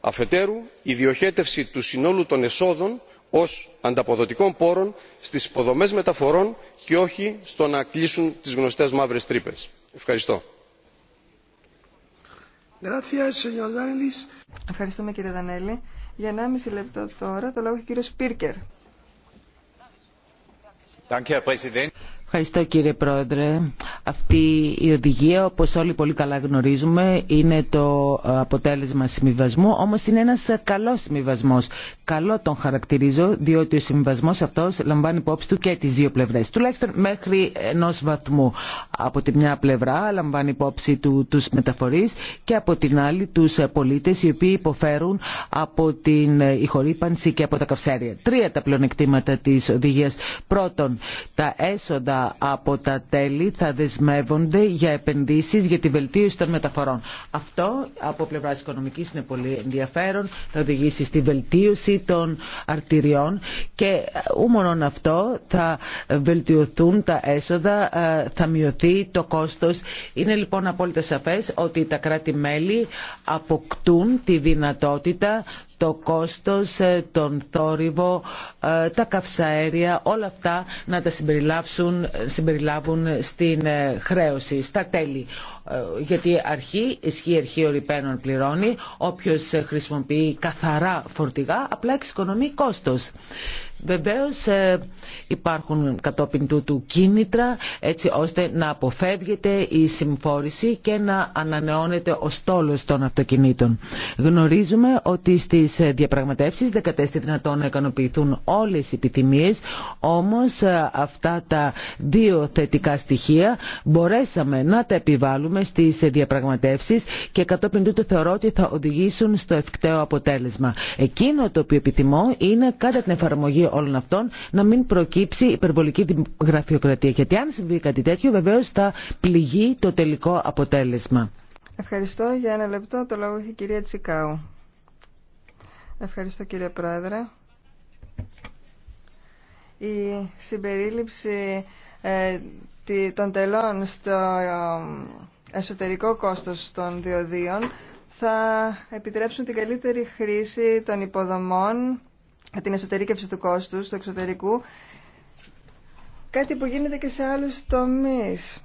αφετέρου η διοχέτευση του συνόλου των εσόδων ως ανταποδοτικών πόρων στις υποδομές μεταφορών και όχι στο να κλείσουν τις γνωστές μαύρες τρύπες. ευχαριστώ. Ευχαριστούμε κύριε Δανέλη. Για 1,5 λεπτό τώρα το λόγο έχει ο κύριος Πίρκερ. Ευχαριστώ κύριε Πρόεδρε. Αυτή η οδηγία, όπως όλοι πολύ καλά γνωρίζουμε, είναι το αποτέλεσμα συμβιβασμού, όμως είναι ένας καλός συμβιβασμός. Καλό τον χαρακτηρίζω, διότι ο συμβιβασμό αυτός λαμβάνει υπόψη του και τις δύο πλευρές, τουλάχιστον μέχρι ενός βαθμού. Από τη μια πλευρά λαμβάνει υπόψη του τους μεταφορείς και από την άλλη τους πολίτες οι οποίοι υποφέρουν από την ηχορύπανση και από τα καυσέρια. Τρία τα πλεονεκτήματα της οδηγίας. Πρώτον, τα έσοδα από τα τέλη θα δεσμεύονται για επενδύσεις για τη βελτίωση των μεταφορών. Αυτό από πλευράς οικονομικής είναι πολύ ενδιαφέρον, θα οδηγήσει στη βελτίωση των αρτηριών και ούμονον αυτό θα βελτιωθούν τα έσοδα, ε, θα μειωθεί το κόστος. Είναι λοιπόν απόλυτα σαφές ότι τα κράτη-μέλη αποκτούν τη δυνατότητα το κόστος, ε, τον θόρυβο, ε, τα καυσαέρια, όλα αυτά να τα συμπεριλάβουν στην ε, χρέωση, στα τέλη. Γιατί αρχή, ισχύει αρχή ορυπαίνων πληρώνει, όποιος χρησιμοποιεί καθαρά φορτηγά απλά εξοικονομεί κόστος. Βεβαίως ε, υπάρχουν κατόπιν τούτου κίνητρα έτσι ώστε να αποφεύγεται η συμφόρηση και να ανανεώνεται ο στόλος των αυτοκινήτων. Γνωρίζουμε ότι στις διαπραγματεύσεις δεν κατέστη δυνατόν να ικανοποιηθούν όλες οι επιθυμίες, όμως ε, αυτά τα δύο θετικά στοιχεία μπορέσαμε να τα επιβάλλουμε στις διαπραγματεύσεις και κατόπιν τούτου θεωρώ ότι θα οδηγήσουν στο ευκταίο αποτέλεσμα. Εκείνο το οποίο επιθυμώ είναι κατά την εφαρμογή όλων αυτών να μην προκύψει υπερβολική γραφειοκρατία. Γιατί αν συμβεί κάτι τέτοιο βεβαίως θα πληγεί το τελικό αποτέλεσμα. Ευχαριστώ. Για ένα λεπτό το λόγο έχει η κυρία Τσικάου. Ευχαριστώ κύριε Πρόεδρε. Η συμπερίληψη ε, των τελών στο ε, εσωτερικό κόστος των διοδίων θα επιτρέψουν την καλύτερη χρήση των υποδομών την εσωτερήκευση του κόστου του εξωτερικού, κάτι που γίνεται και σε άλλους τομείς.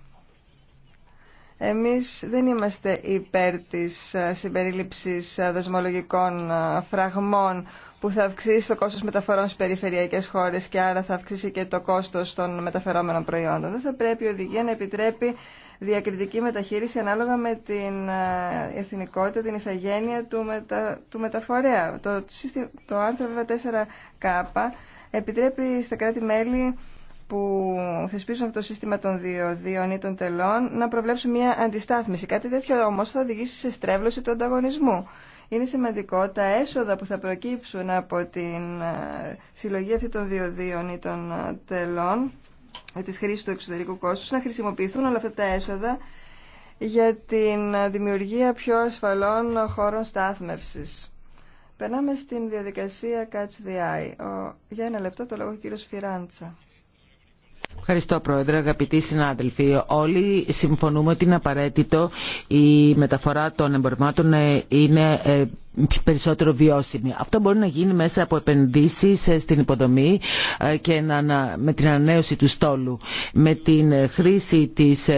Εμείς δεν είμαστε υπέρ της συμπερίληψης δεσμολογικών φραγμών που θα αυξήσει το κόστος μεταφορών στις περιφερειακές χώρες και άρα θα αυξήσει και το κόστος των μεταφερόμενων προϊόντων. Δεν θα πρέπει η οδηγία να επιτρέπει διακριτική μεταχείριση ανάλογα με την ε, εθνικότητα, την ηθαγένεια του, του μεταφορέα. Το, το αρθρο βέβαια 4K επιτρέπει στα κράτη-μέλη που θεσπίζουν αυτό το σύστημα των διοδίων ή των τελών να προβλέψουν μια αντιστάθμιση. Κάτι τέτοιο όμως θα οδηγήσει σε στρέβλωση του ανταγωνισμού. Είναι σημαντικό τα έσοδα που θα προκύψουν από την ε, συλλογή αυτή των διοδίων ή των ε, τελών της χρήσης του εξωτερικού κόστου, να χρησιμοποιηθούν όλα αυτά τα έσοδα για την δημιουργία πιο ασφαλών χώρων στάθμευσης. Περνάμε στην διαδικασία Catch the Eye. Ο... Για ένα λεπτό το λόγο ο κύριος Φιράντσα. Ευχαριστώ Πρόεδρε, αγαπητοί συνάδελφοι. Όλοι συμφωνούμε ότι είναι απαραίτητο η μεταφορά των εμπορμάτων είναι ε, περισσότερο βιώσιμη. Αυτό μπορεί να γίνει μέσα από επενδύσεις ε, στην υποδομή ε, και με την ανανέωση του στόλου, με την ε, χρήση της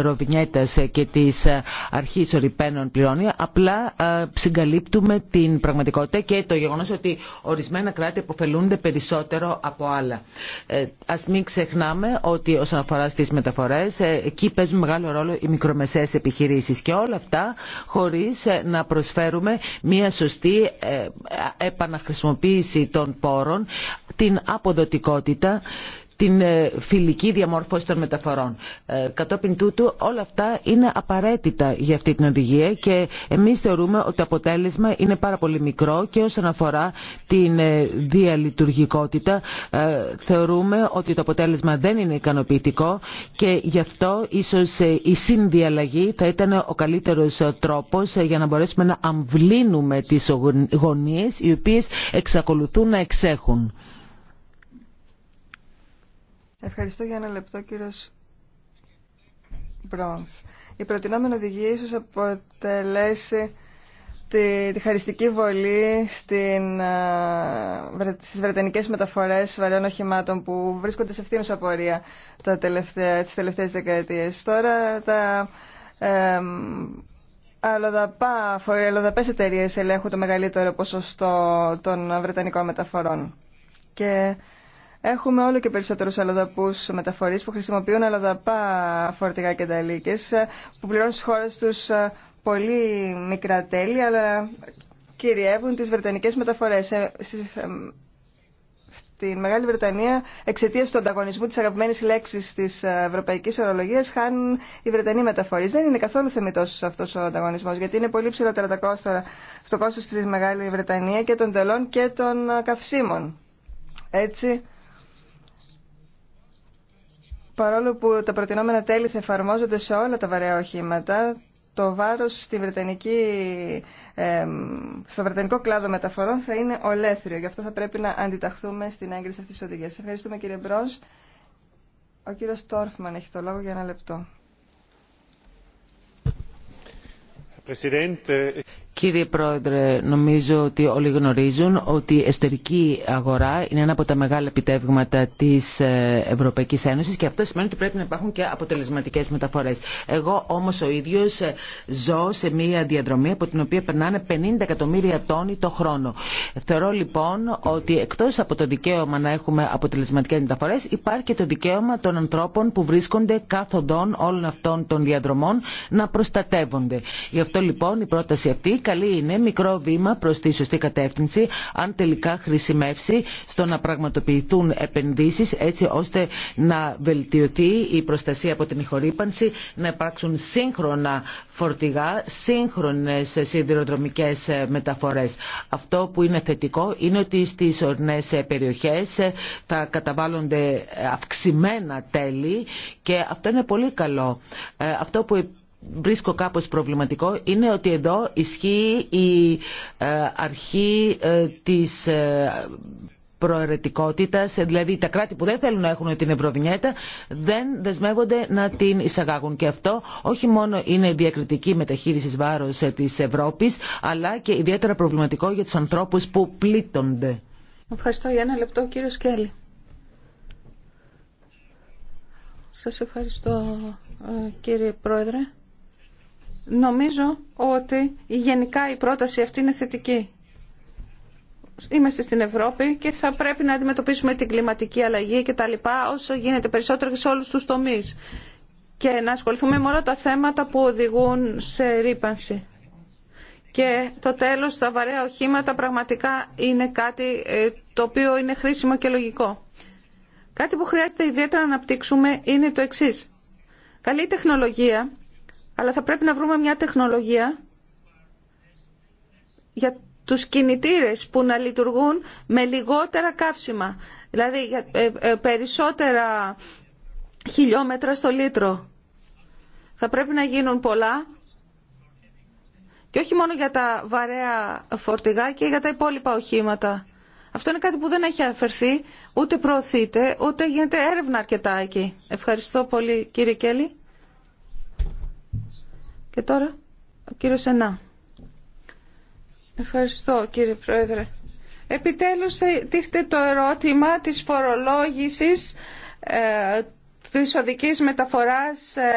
ροβινιέτας και της αρχής ορυπαίνων πληρώνει. Απλά συγκαλύπτουμε την πραγματικότητα και το γεγονός ότι ορισμένα κράτη αποφελούνται περισσότερο από άλλα. Ας μην ξεχνάμε ότι όσον αφορά στις μεταφορές, εκεί παίζουν μεγάλο ρόλο οι μικρομεσαίες επιχειρήσεις και όλα αυτά χωρίς να προσφέρουμε μια σωστή ε, επαναχρησιμοποίηση των πόρων, την αποδοτικότητα την ε, φιλική διαμόρφωση των μεταφορών. Ε, κατόπιν τούτου όλα αυτά είναι απαραίτητα για αυτή την οδηγία και εμεί θεωρούμε ότι το αποτέλεσμα είναι πάρα πολύ μικρό και όσον αφορά την ε, διαλειτουργικότητα θεωρούμε ότι το αποτέλεσμα δεν είναι ικανοποιητικό και γι' αυτό ίσως η συνδιαλλαγή θα ήταν ο καλύτερος τρόπο για να μπορέσουμε να αμβλύνουμε τι γωνίε οι οποίε εξακολουθούν να εξέχουν. Ευχαριστώ για ένα λεπτό κύριο Μπρόνς. Η προτινόμενη οδηγία ίσως αποτελέσει τη, τη χαριστική βολή στι στις βρετανικές μεταφορές βαρέων οχημάτων που βρίσκονται σε ευθύνους απορία τα τελευταία, τις τελευταίες δεκαετίες. Τώρα τα... Ε, Αλλοδαπά, αλλοδαπές εταιρείες ελέγχουν το μεγαλύτερο ποσοστό των βρετανικών μεταφορών. Και Έχουμε όλο και περισσότερου αλλοδαπού μεταφορεί που χρησιμοποιούν αλλοδαπά φορτηγά και ταλίκες που πληρώνουν στι χώρε του ε, πολύ μικρά τέλη αλλά κυριεύουν τι βρετανικέ μεταφορέ. Ε, ε, στη Μεγάλη Βρετανία, εξαιτία του ανταγωνισμού τη αγαπημένη λέξη τη ευρωπαϊκή ορολογία, χάνουν οι Βρετανοί μεταφορεί. Δεν είναι καθόλου θεμητό αυτό ο ανταγωνισμό, γιατί είναι πολύ ψηλότερα τα κόστορα στο κόστο τη Μεγάλη Βρετανία και των τελών και των καυσίμων. Έτσι, παρόλο που τα προτινόμενα τέλη θα εφαρμόζονται σε όλα τα βαρέα οχήματα, το βάρος στη στο βρετανικό κλάδο μεταφορών θα είναι ολέθριο. Γι' αυτό θα πρέπει να αντιταχθούμε στην έγκριση αυτή τη οδηγίας. Ευχαριστούμε κύριε Μπρός. Ο κύριος Τόρφμαν έχει το λόγο για ένα λεπτό. Κύριε Πρόεδρε, νομίζω ότι όλοι γνωρίζουν ότι η εσωτερική αγορά είναι ένα από τα μεγάλα επιτεύγματα της ε, Ευρωπαϊκής Ένωσης και αυτό σημαίνει ότι πρέπει να υπάρχουν και αποτελεσματικές μεταφορές. Εγώ όμως ο ίδιος ε, ζω σε μια διαδρομή από την οποία περνάνε 50 εκατομμύρια τόνοι το χρόνο. Θεωρώ λοιπόν ότι εκτός από το δικαίωμα να έχουμε αποτελεσματικές μεταφορές υπάρχει και το δικαίωμα των ανθρώπων που βρίσκονται κάθοντων όλων αυτών των διαδρομών να προστατεύονται. Γι' αυτό λοιπόν η πρόταση αυτή καλή είναι, μικρό βήμα προ τη σωστή κατεύθυνση, αν τελικά χρησιμεύσει στο να πραγματοποιηθούν επενδύσει, έτσι ώστε να βελτιωθεί η προστασία από την ηχορύπανση, να υπάρξουν σύγχρονα φορτηγά, σύγχρονε σιδηροδρομικέ μεταφορές. Αυτό που είναι θετικό είναι ότι στι ορεινέ περιοχέ θα καταβάλλονται αυξημένα τέλη και αυτό είναι πολύ καλό. Ε, αυτό που βρίσκω κάπως προβληματικό είναι ότι εδώ ισχύει η ε, αρχή ε, της ε, προαιρετικότητας, δηλαδή τα κράτη που δεν θέλουν να έχουν την Ευρωβινιέτα δεν δεσμεύονται να την εισαγάγουν. Και αυτό όχι μόνο είναι διακριτική μεταχείρισης βάρος της Ευρώπης, αλλά και ιδιαίτερα προβληματικό για τους ανθρώπους που πλήττονται. Ευχαριστώ για ένα λεπτό κύριο Σκέλη. Σας ευχαριστώ κύριε Πρόεδρε. Νομίζω ότι γενικά η πρόταση αυτή είναι θετική. Είμαστε στην Ευρώπη και θα πρέπει να αντιμετωπίσουμε την κλιματική αλλαγή και τα λοιπά όσο γίνεται περισσότερο σε όλους τους τομείς και να ασχοληθούμε με όλα τα θέματα που οδηγούν σε ρήπανση. Και το τέλος, τα βαρέα οχήματα πραγματικά είναι κάτι ε, το οποίο είναι χρήσιμο και λογικό. Κάτι που χρειάζεται ιδιαίτερα να αναπτύξουμε είναι το εξής. Καλή τεχνολογία αλλά θα πρέπει να βρούμε μια τεχνολογία για τους κινητήρες που να λειτουργούν με λιγότερα καύσιμα, δηλαδή για ε, ε, περισσότερα χιλιόμετρα στο λίτρο. Θα πρέπει να γίνουν πολλά και όχι μόνο για τα βαρέα φορτηγά και για τα υπόλοιπα οχήματα. Αυτό είναι κάτι που δεν έχει αφαιρθεί, ούτε προωθείται, ούτε γίνεται έρευνα αρκετά εκεί. Ευχαριστώ πολύ κύριε Κέλλη. Και τώρα, ο κύριος Ενά. Ευχαριστώ κύριε Πρόεδρε. Επιτέλους τίθεται το ερώτημα της φορολόγησης ε, της οδικής μεταφοράς ε,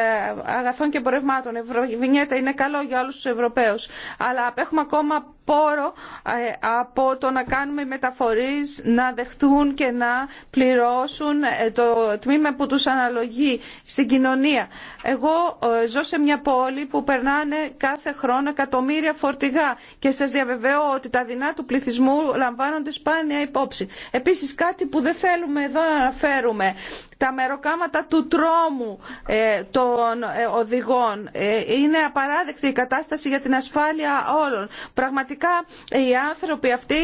αγαθών και εμπορευμάτων. Η Ευρωβινιέτα είναι καλό για όλους τους Ευρωπαίους. Αλλά έχουμε ακόμα πόρο ε, από το να κάνουμε μεταφορείς να δεχτούν και να πληρώσουν ε, το τμήμα που τους αναλογεί στην κοινωνία. Εγώ ζω σε μια πόλη που περνάνε κάθε χρόνο εκατομμύρια φορτηγά και σας διαβεβαιώ ότι τα δεινά του πληθυσμού λαμβάνονται σπάνια υπόψη. Επίσης κάτι που δεν θέλουμε εδώ να αναφέρουμε τα μεροκάματα του τρόμου ε, των ε, οδηγών. Ε, είναι απαράδεκτη η κατάσταση για την ασφάλεια όλων. Πραγματικά οι άνθρωποι αυτοί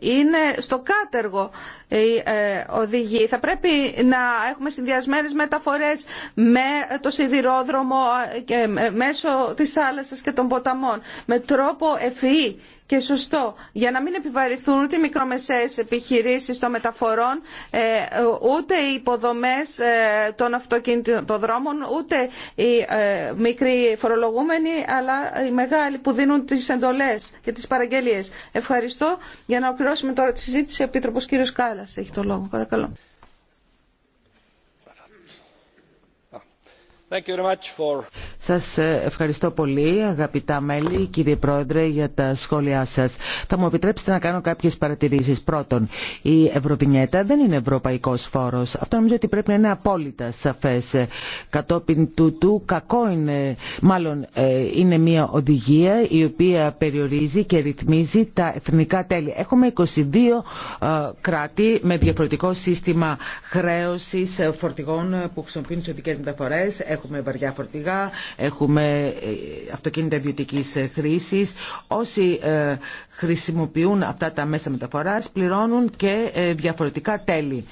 είναι στο κάτεργο οι οδηγοί. Θα πρέπει να έχουμε συνδυασμένες μεταφορές με το σιδηρόδρομο μέσω της θάλασσας και των ποταμών με τρόπο ευφυή και σωστό για να μην επιβαρυνθούν ούτε οι μικρομεσαίες επιχειρήσεις των μεταφορών ε, ούτε οι υποδομές ε, των αυτοκινητοδρόμων ούτε οι ε, μικροί φορολογούμενοι αλλά οι μεγάλοι που δίνουν τις εντολές και τις παραγγελίες. Ευχαριστώ. Για να ολοκληρώσουμε τώρα τη συζήτηση ο Επίτροπος κ. Κάλλας έχει το λόγο. Παρακαλώ. Σας ε, ευχαριστώ πολύ αγαπητά μέλη, κύριε Πρόεδρε, για τα σχόλιά σας. Θα μου επιτρέψετε να κάνω κάποιες παρατηρήσεις. Πρώτον, η Ευρωβινιέτα δεν είναι ευρωπαϊκός φόρος. Αυτό νομίζω ότι πρέπει να είναι απόλυτα σαφές. Κατόπιν τούτου, κακό είναι, μάλλον ε, είναι μια οδηγία η οποία περιορίζει και ρυθμίζει τα εθνικά τέλη. Έχουμε 22 ε, κράτη με διαφορετικό σύστημα χρέωσης φορτηγών που χρησιμοποιούν τις οδικές μεταφορές έχουμε βαριά φορτηγά, έχουμε ε, αυτοκίνητα ιδιωτική ε, χρήση. Όσοι ε, χρησιμοποιούν αυτά τα μέσα μεταφορά πληρώνουν και διαφορετικά τέλη.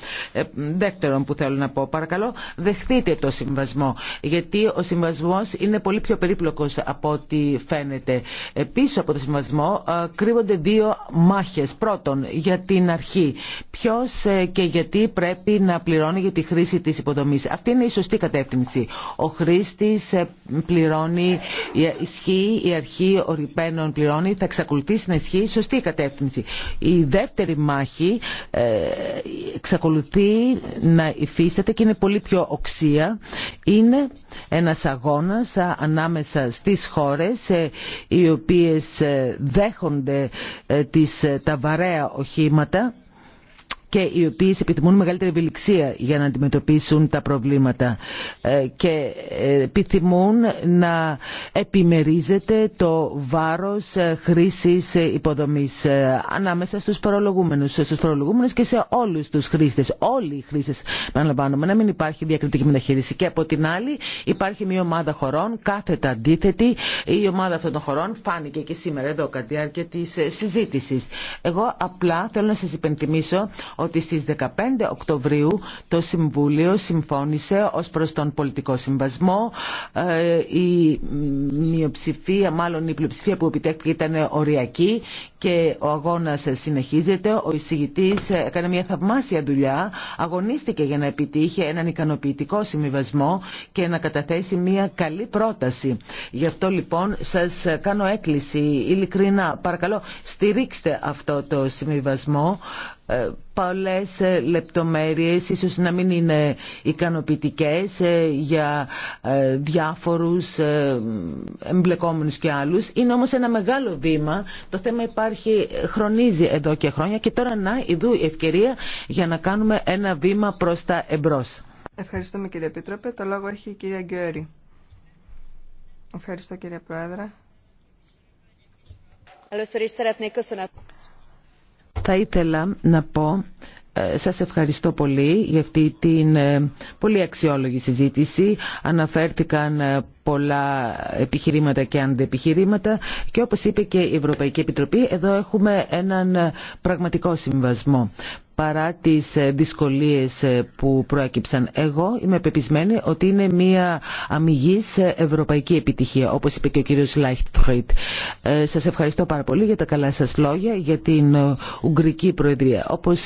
Δεύτερον που θέλω να πω, παρακαλώ, δεχτείτε το συμβασμό. Γιατί ο συμβασμό είναι πολύ πιο περίπλοκο από ό,τι φαίνεται. Πίσω από το συμβασμό κρύβονται δύο μάχε. Πρώτον, για την αρχή. Ποιο και γιατί πρέπει να πληρώνει για τη χρήση τη υποδομή. Αυτή είναι η σωστή κατεύθυνση ο χρήστης ε, πληρώνει, ε, ισχύει η αρχή ορυπαίνων πληρώνει, θα εξακολουθήσει να ισχύει η σωστή κατεύθυνση. Η δεύτερη μάχη ε, εξακολουθεί να υφίσταται και είναι πολύ πιο οξία. Είναι ένας αγώνας ανάμεσα στις χώρες οι οποίες δέχονται τις, τα βαρέα οχήματα και οι οποίες επιθυμούν μεγαλύτερη ευελιξία για να αντιμετωπίσουν τα προβλήματα ε, και ε, επιθυμούν να επιμερίζεται το βάρος ε, χρήσης υποδομής ανάμεσα στους φορολογούμενους, στους φορολογούμενους και σε όλους τους χρήστες. Όλοι οι χρήστες, παραλαμβάνομαι, να μην υπάρχει διακριτική μεταχείριση. Και από την άλλη υπάρχει μια ομάδα χωρών κάθετα αντίθετη. Η ομάδα αυτών των χωρών φάνηκε και σήμερα εδώ κατά τη διάρκεια της συζήτησης. Εγώ απλά θέλω να σας υπενθυμίσω ότι στις 15 Οκτωβρίου το Συμβούλιο συμφώνησε ως προς τον πολιτικό συμβασμό. Ε, η μειοψηφία, μάλλον η πλειοψηφία που επιτέχθηκε ήταν οριακή και ο αγώνας συνεχίζεται. Ο εισηγητής έκανε μια θαυμάσια δουλειά, αγωνίστηκε για να επιτύχει έναν ικανοποιητικό συμβιβασμό και να καταθέσει μια καλή πρόταση. Γι' αυτό λοιπόν σας κάνω έκκληση ειλικρινά. Παρακαλώ στηρίξτε αυτό το συμβιβασμό ε, πολλές ε, λεπτομέρειες ίσως να μην είναι ικανοποιητικές ε, για διάφορους εμπλεκόμενους και άλλους είναι όμως ένα μεγάλο βήμα το θέμα υπάρχει, χρονίζει εδώ και χρόνια και τώρα να, ειδού η ευκαιρία για να κάνουμε ένα βήμα προς τα εμπρός Ευχαριστούμε κύριε Επίτροπε, το λόγο έχει η κυρία Γκέρι Ευχαριστώ κύριε Πρόεδρε θα ήθελα να πω ε, σας ευχαριστώ πολύ για αυτή την ε, πολύ αξιόλογη συζήτηση. Αναφέρθηκαν ε, πολλά επιχειρήματα και αντεπιχειρήματα και όπως είπε και η Ευρωπαϊκή Επιτροπή εδώ έχουμε έναν πραγματικό συμβασμό παρά τις ε, δυσκολίες ε, που προέκυψαν. Εγώ είμαι πεπισμένη ότι είναι μια αμυγής ε, ευρωπαϊκή επιτυχία, όπως είπε και ο κύριος Λάιχτφριτ. Σας ευχαριστώ πάρα πολύ για τα καλά σας λόγια, για την Ουγγρική Προεδρία, όπως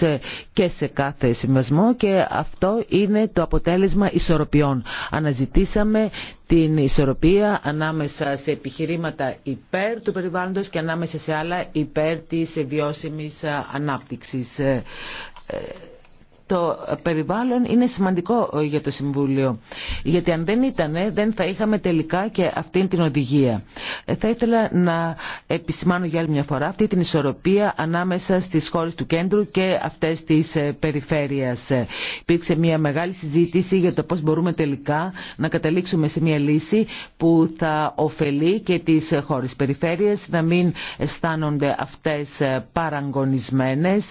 και σε κάθε συμβασμό και αυτό είναι το αποτέλεσμα ισορροπιών. Αναζητήσαμε την ισορροπία ανάμεσα σε επιχειρήματα υπέρ του περιβάλλοντος και ανάμεσα σε άλλα υπέρ της βιώσιμης ανάπτυξης ε το περιβάλλον είναι σημαντικό ε, για το Συμβούλιο. Γιατί αν δεν ήταν, δεν θα είχαμε τελικά και αυτήν την οδηγία. Ε, θα ήθελα να επισημάνω για άλλη μια φορά αυτή την ισορροπία ανάμεσα στις χώρες του κέντρου και αυτές της ε, περιφέρειας. Υπήρξε μια μεγάλη συζήτηση για το πώς μπορούμε τελικά να καταλήξουμε σε μια λύση που θα ωφελεί και τις χώρες περιφέρειας να μην αισθάνονται αυτές παραγωνισμένες.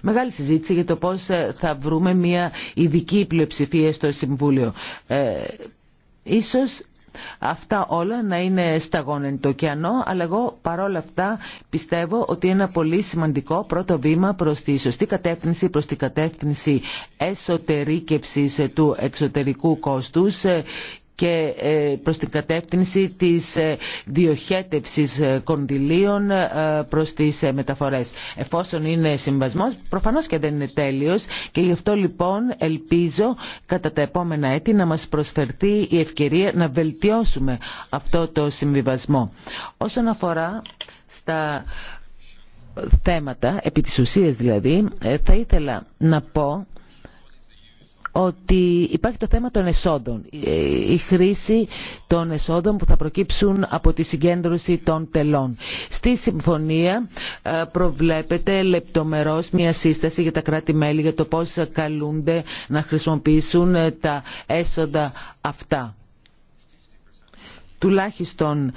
Μεγάλη συζήτηση για το πώς θα βρούμε μια ειδική πλειοψηφία στο Συμβούλιο. Ε, ίσως Αυτά όλα να είναι σταγόνα το ωκεανό, αλλά εγώ παρόλα αυτά πιστεύω ότι είναι ένα πολύ σημαντικό πρώτο βήμα προς τη σωστή κατεύθυνση, προς την κατεύθυνση εσωτερήκευσης του εξωτερικού κόστους ε, και ε, προς την κατεύθυνση της ε, διοχέτευσης ε, κονδυλίων προς τις μεταφορές. Εφόσον είναι συμβασμός, προφανώς και δεν είναι τέλειος και γι' αυτό λοιπόν ελπίζω κατά τα επόμενα έτη να μας προσφερθεί η ευκαιρία να βελτιώσουμε αυτό το συμβιβασμό. Όσον αφορά στα θέματα, επί της ουσίας δηλαδή, θα ήθελα να πω ότι υπάρχει το θέμα των εσόδων. Ε, η χρήση των εσόδων που θα προκύψουν από τη συγκέντρωση των τελών. Στη συμφωνία ε, προβλέπεται λεπτομερώς μια σύσταση για τα κράτη-μέλη για το πώς καλούνται να χρησιμοποιήσουν ε, τα έσοδα αυτά τουλάχιστον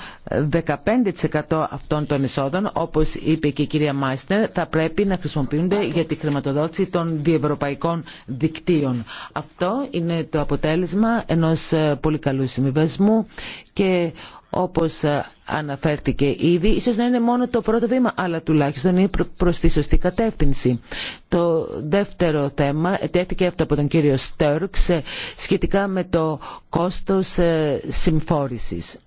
15% αυτών των εισόδων, όπως είπε και η κυρία Μάιστερ, θα πρέπει να χρησιμοποιούνται για τη χρηματοδότηση των διευρωπαϊκών δικτύων. Αυτό είναι το αποτέλεσμα ενός ε, πολύ καλού συμβιβασμού και όπως ε, αναφέρθηκε ήδη, ίσως να είναι μόνο το πρώτο βήμα, αλλά τουλάχιστον είναι προς τη σωστή κατεύθυνση. Το δεύτερο θέμα, ετέθηκε αυτό από τον κύριο Στέρξ, ε, σχετικά με το κόστος ε, συμφόρησης.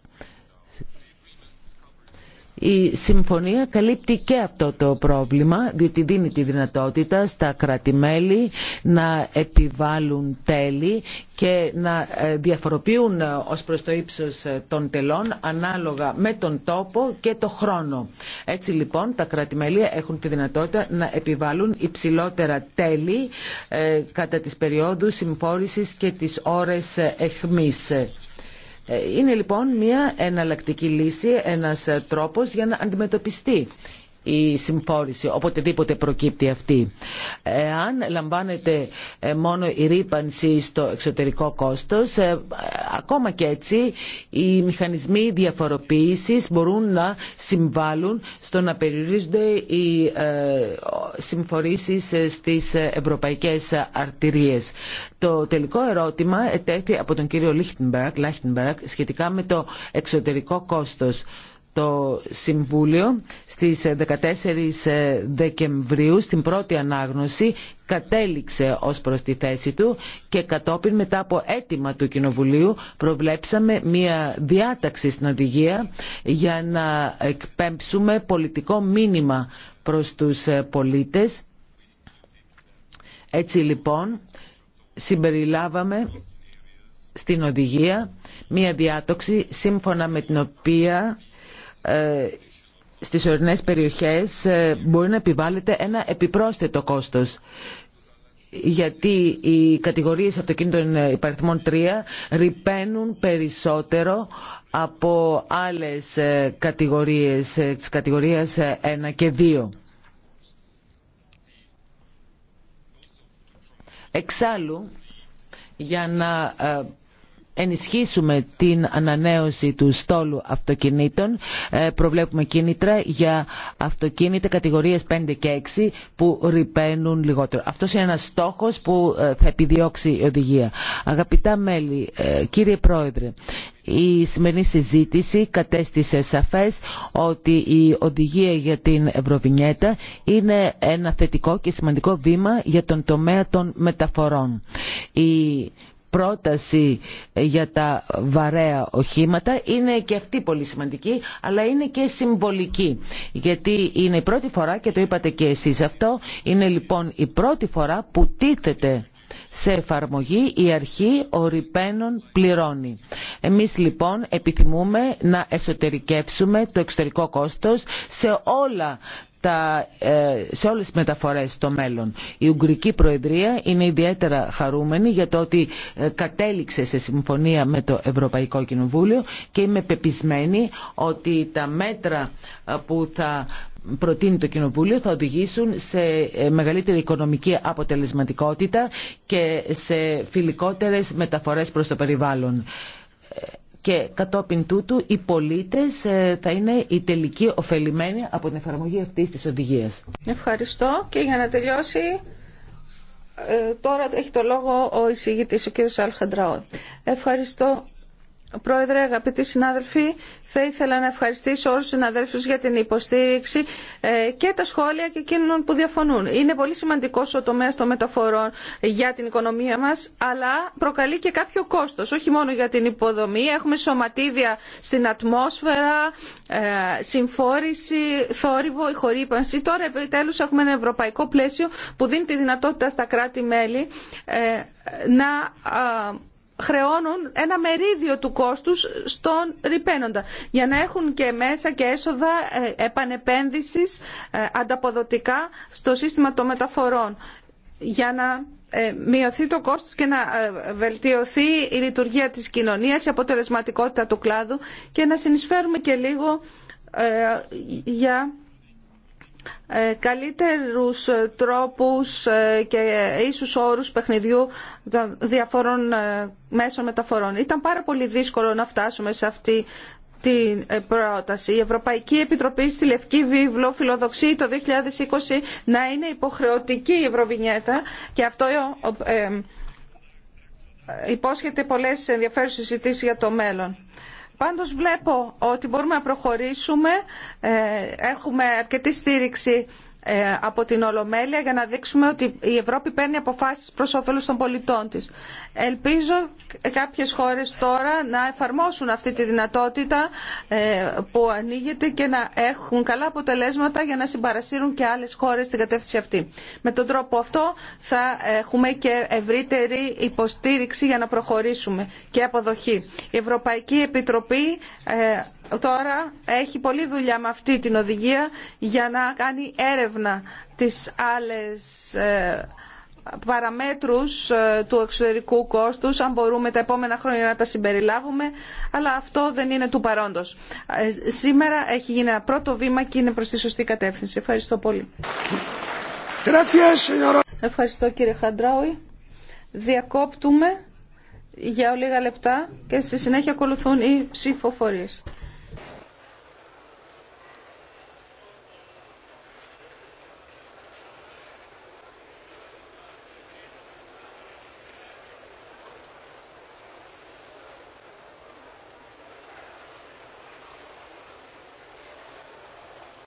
Η συμφωνία καλύπτει και αυτό το πρόβλημα, διότι δίνει τη δυνατότητα στα κρατημέλη να επιβάλλουν τέλη και να ε, διαφοροποιούν ε, ως προς το ύψος ε, των τελών ανάλογα με τον τόπο και το χρόνο. Έτσι λοιπόν τα κρατημέλη έχουν τη δυνατότητα να επιβάλλουν υψηλότερα τέλη κατά τις περιόδους συμφόρησης και τις ώρες εχμής. Ε, είναι λοιπόν μια εναλλακτική λύση, ένας ε, τρόπος για να αντιμετωπιστεί η συμφόρηση, οποτεδήποτε προκύπτει αυτή. Αν λαμβάνεται ε, μόνο η ρήπανση στο εξωτερικό κόστος, ε, ακόμα και έτσι οι μηχανισμοί διαφοροποίησης μπορούν να συμβάλλουν στο να περιορίζονται οι ε, συμφορήσεις στις ευρωπαϊκές αρτηρίες. Το τελικό ερώτημα ετέθη από τον κύριο Λίχτενμπεργκ σχετικά με το εξωτερικό κόστος το Συμβούλιο στις 14 ε, ε, Δεκεμβρίου στην πρώτη ανάγνωση κατέληξε ως προς τη θέση του και κατόπιν μετά από αίτημα του Κοινοβουλίου προβλέψαμε μία διάταξη στην οδηγία για να εκπέμψουμε πολιτικό μήνυμα προς τους ε, πολίτες. Έτσι λοιπόν συμπεριλάβαμε στην οδηγία μία διάτοξη σύμφωνα με την οποία ε, στις ορεινές περιοχές ε, μπορεί να επιβάλλεται ένα επιπρόσθετο κόστος γιατί οι κατηγορίες αυτοκίνητων ε, υπαριθμών 3 ρηπαίνουν περισσότερο από άλλες κατηγορίες της κατηγορίας 1 και 2. Εξάλλου, για να ενισχύσουμε την ανανέωση του στόλου αυτοκινήτων. Ε, προβλέπουμε κίνητρα για αυτοκίνητα κατηγορίες 5 και 6 που ρηπαίνουν λιγότερο. Αυτός είναι ένας στόχος που ε, θα επιδιώξει η οδηγία. Αγαπητά μέλη, ε, κύριε Πρόεδρε, η σημερινή συζήτηση κατέστησε σαφές ότι η οδηγία για την Ευρωβινιέτα είναι ένα θετικό και σημαντικό βήμα για τον τομέα των μεταφορών. Η πρόταση για τα βαρέα οχήματα είναι και αυτή πολύ σημαντική, αλλά είναι και συμβολική. Γιατί είναι η πρώτη φορά, και το είπατε και εσείς αυτό, είναι λοιπόν η πρώτη φορά που τίθεται σε εφαρμογή η αρχή ορυπαίνων πληρώνει. Εμείς λοιπόν επιθυμούμε να εσωτερικεύσουμε το εξωτερικό κόστος σε όλα ε, σε όλες τις μεταφορές στο μέλλον. Η Ουγγρική Προεδρία είναι ιδιαίτερα χαρούμενη για το ότι ε, κατέληξε σε συμφωνία με το Ευρωπαϊκό Κοινοβούλιο και είμαι πεπισμένη ότι τα μέτρα ε, που θα προτείνει το Κοινοβούλιο θα οδηγήσουν σε μεγαλύτερη οικονομική αποτελεσματικότητα και σε φιλικότερες μεταφορές προς το περιβάλλον και κατόπιν τούτου οι πολίτες ε, θα είναι οι τελικοί ωφελημένοι από την εφαρμογή αυτής της οδηγίας. Ευχαριστώ και για να τελειώσει ε, τώρα έχει το λόγο ο εισηγητής ο κ. Αλχαντραό. Ευχαριστώ Πρόεδρε, αγαπητοί συνάδελφοι, θα ήθελα να ευχαριστήσω όλους τους συναδέλφους για την υποστήριξη ε, και τα σχόλια και εκείνων που διαφωνούν. Είναι πολύ σημαντικός ο τομέας των μεταφορών για την οικονομία μας, αλλά προκαλεί και κάποιο κόστος, όχι μόνο για την υποδομή. Έχουμε σωματίδια στην ατμόσφαιρα, ε, συμφόρηση, θόρυβο, ηχορύπανση. Τώρα επιτέλους έχουμε ένα ευρωπαϊκό πλαίσιο που δίνει τη δυνατότητα στα κράτη-μέλη ε, να χρεώνουν ένα μερίδιο του κόστους στον ρηπαίνοντα για να έχουν και μέσα και έσοδα ε, επανεπένδυσης ε, ανταποδοτικά στο σύστημα των μεταφορών για να ε, μειωθεί το κόστος και να βελτιωθεί η λειτουργία της κοινωνίας, η αποτελεσματικότητα του κλάδου και να συνεισφέρουμε και λίγο για ε, καλύτερους ε, τρόπους ε, και ίσους όρους παιχνιδιού των διαφορών μέσων μεταφορών. Ήταν πάρα πολύ δύσκολο να φτάσουμε σε αυτή την πρόταση. Η Ευρωπαϊκή Επιτροπή στη Λευκή Βίβλο φιλοδοξεί το 2020 να είναι υποχρεωτική η Ευρωβινιέτα και αυτό υπόσχεται πολλές ενδιαφέρουσες συζητήσεις για το μέλλον. Πάντως βλέπω ότι μπορούμε να προχωρήσουμε, ε, έχουμε αρκετή στήριξη ε, από την Ολομέλεια για να δείξουμε ότι η Ευρώπη παίρνει αποφάσεις προς όφελος των πολιτών της. Ελπίζω κάποιες χώρες τώρα να εφαρμόσουν αυτή τη δυνατότητα ε, που ανοίγεται και να έχουν καλά αποτελέσματα για να συμπαρασύρουν και άλλες χώρες στην κατεύθυνση αυτή. Με τον τρόπο αυτό θα έχουμε και ευρύτερη υποστήριξη για να προχωρήσουμε και αποδοχή. Η Ευρωπαϊκή Επιτροπή ε, τώρα έχει πολλή δουλειά με αυτή την οδηγία για να κάνει έρευνα τις άλλες ε, παραμέτρους ε, του εξωτερικού κόστους, αν μπορούμε τα επόμενα χρόνια να τα συμπεριλάβουμε, αλλά αυτό δεν είναι του παρόντος. Ε, σήμερα έχει γίνει ένα πρώτο βήμα και είναι προς τη σωστή κατεύθυνση. Ευχαριστώ πολύ. Ευχαριστώ κύριε Χαντράουι. Διακόπτουμε για λίγα λεπτά και στη συνέχεια ακολουθούν οι ψηφοφορίες.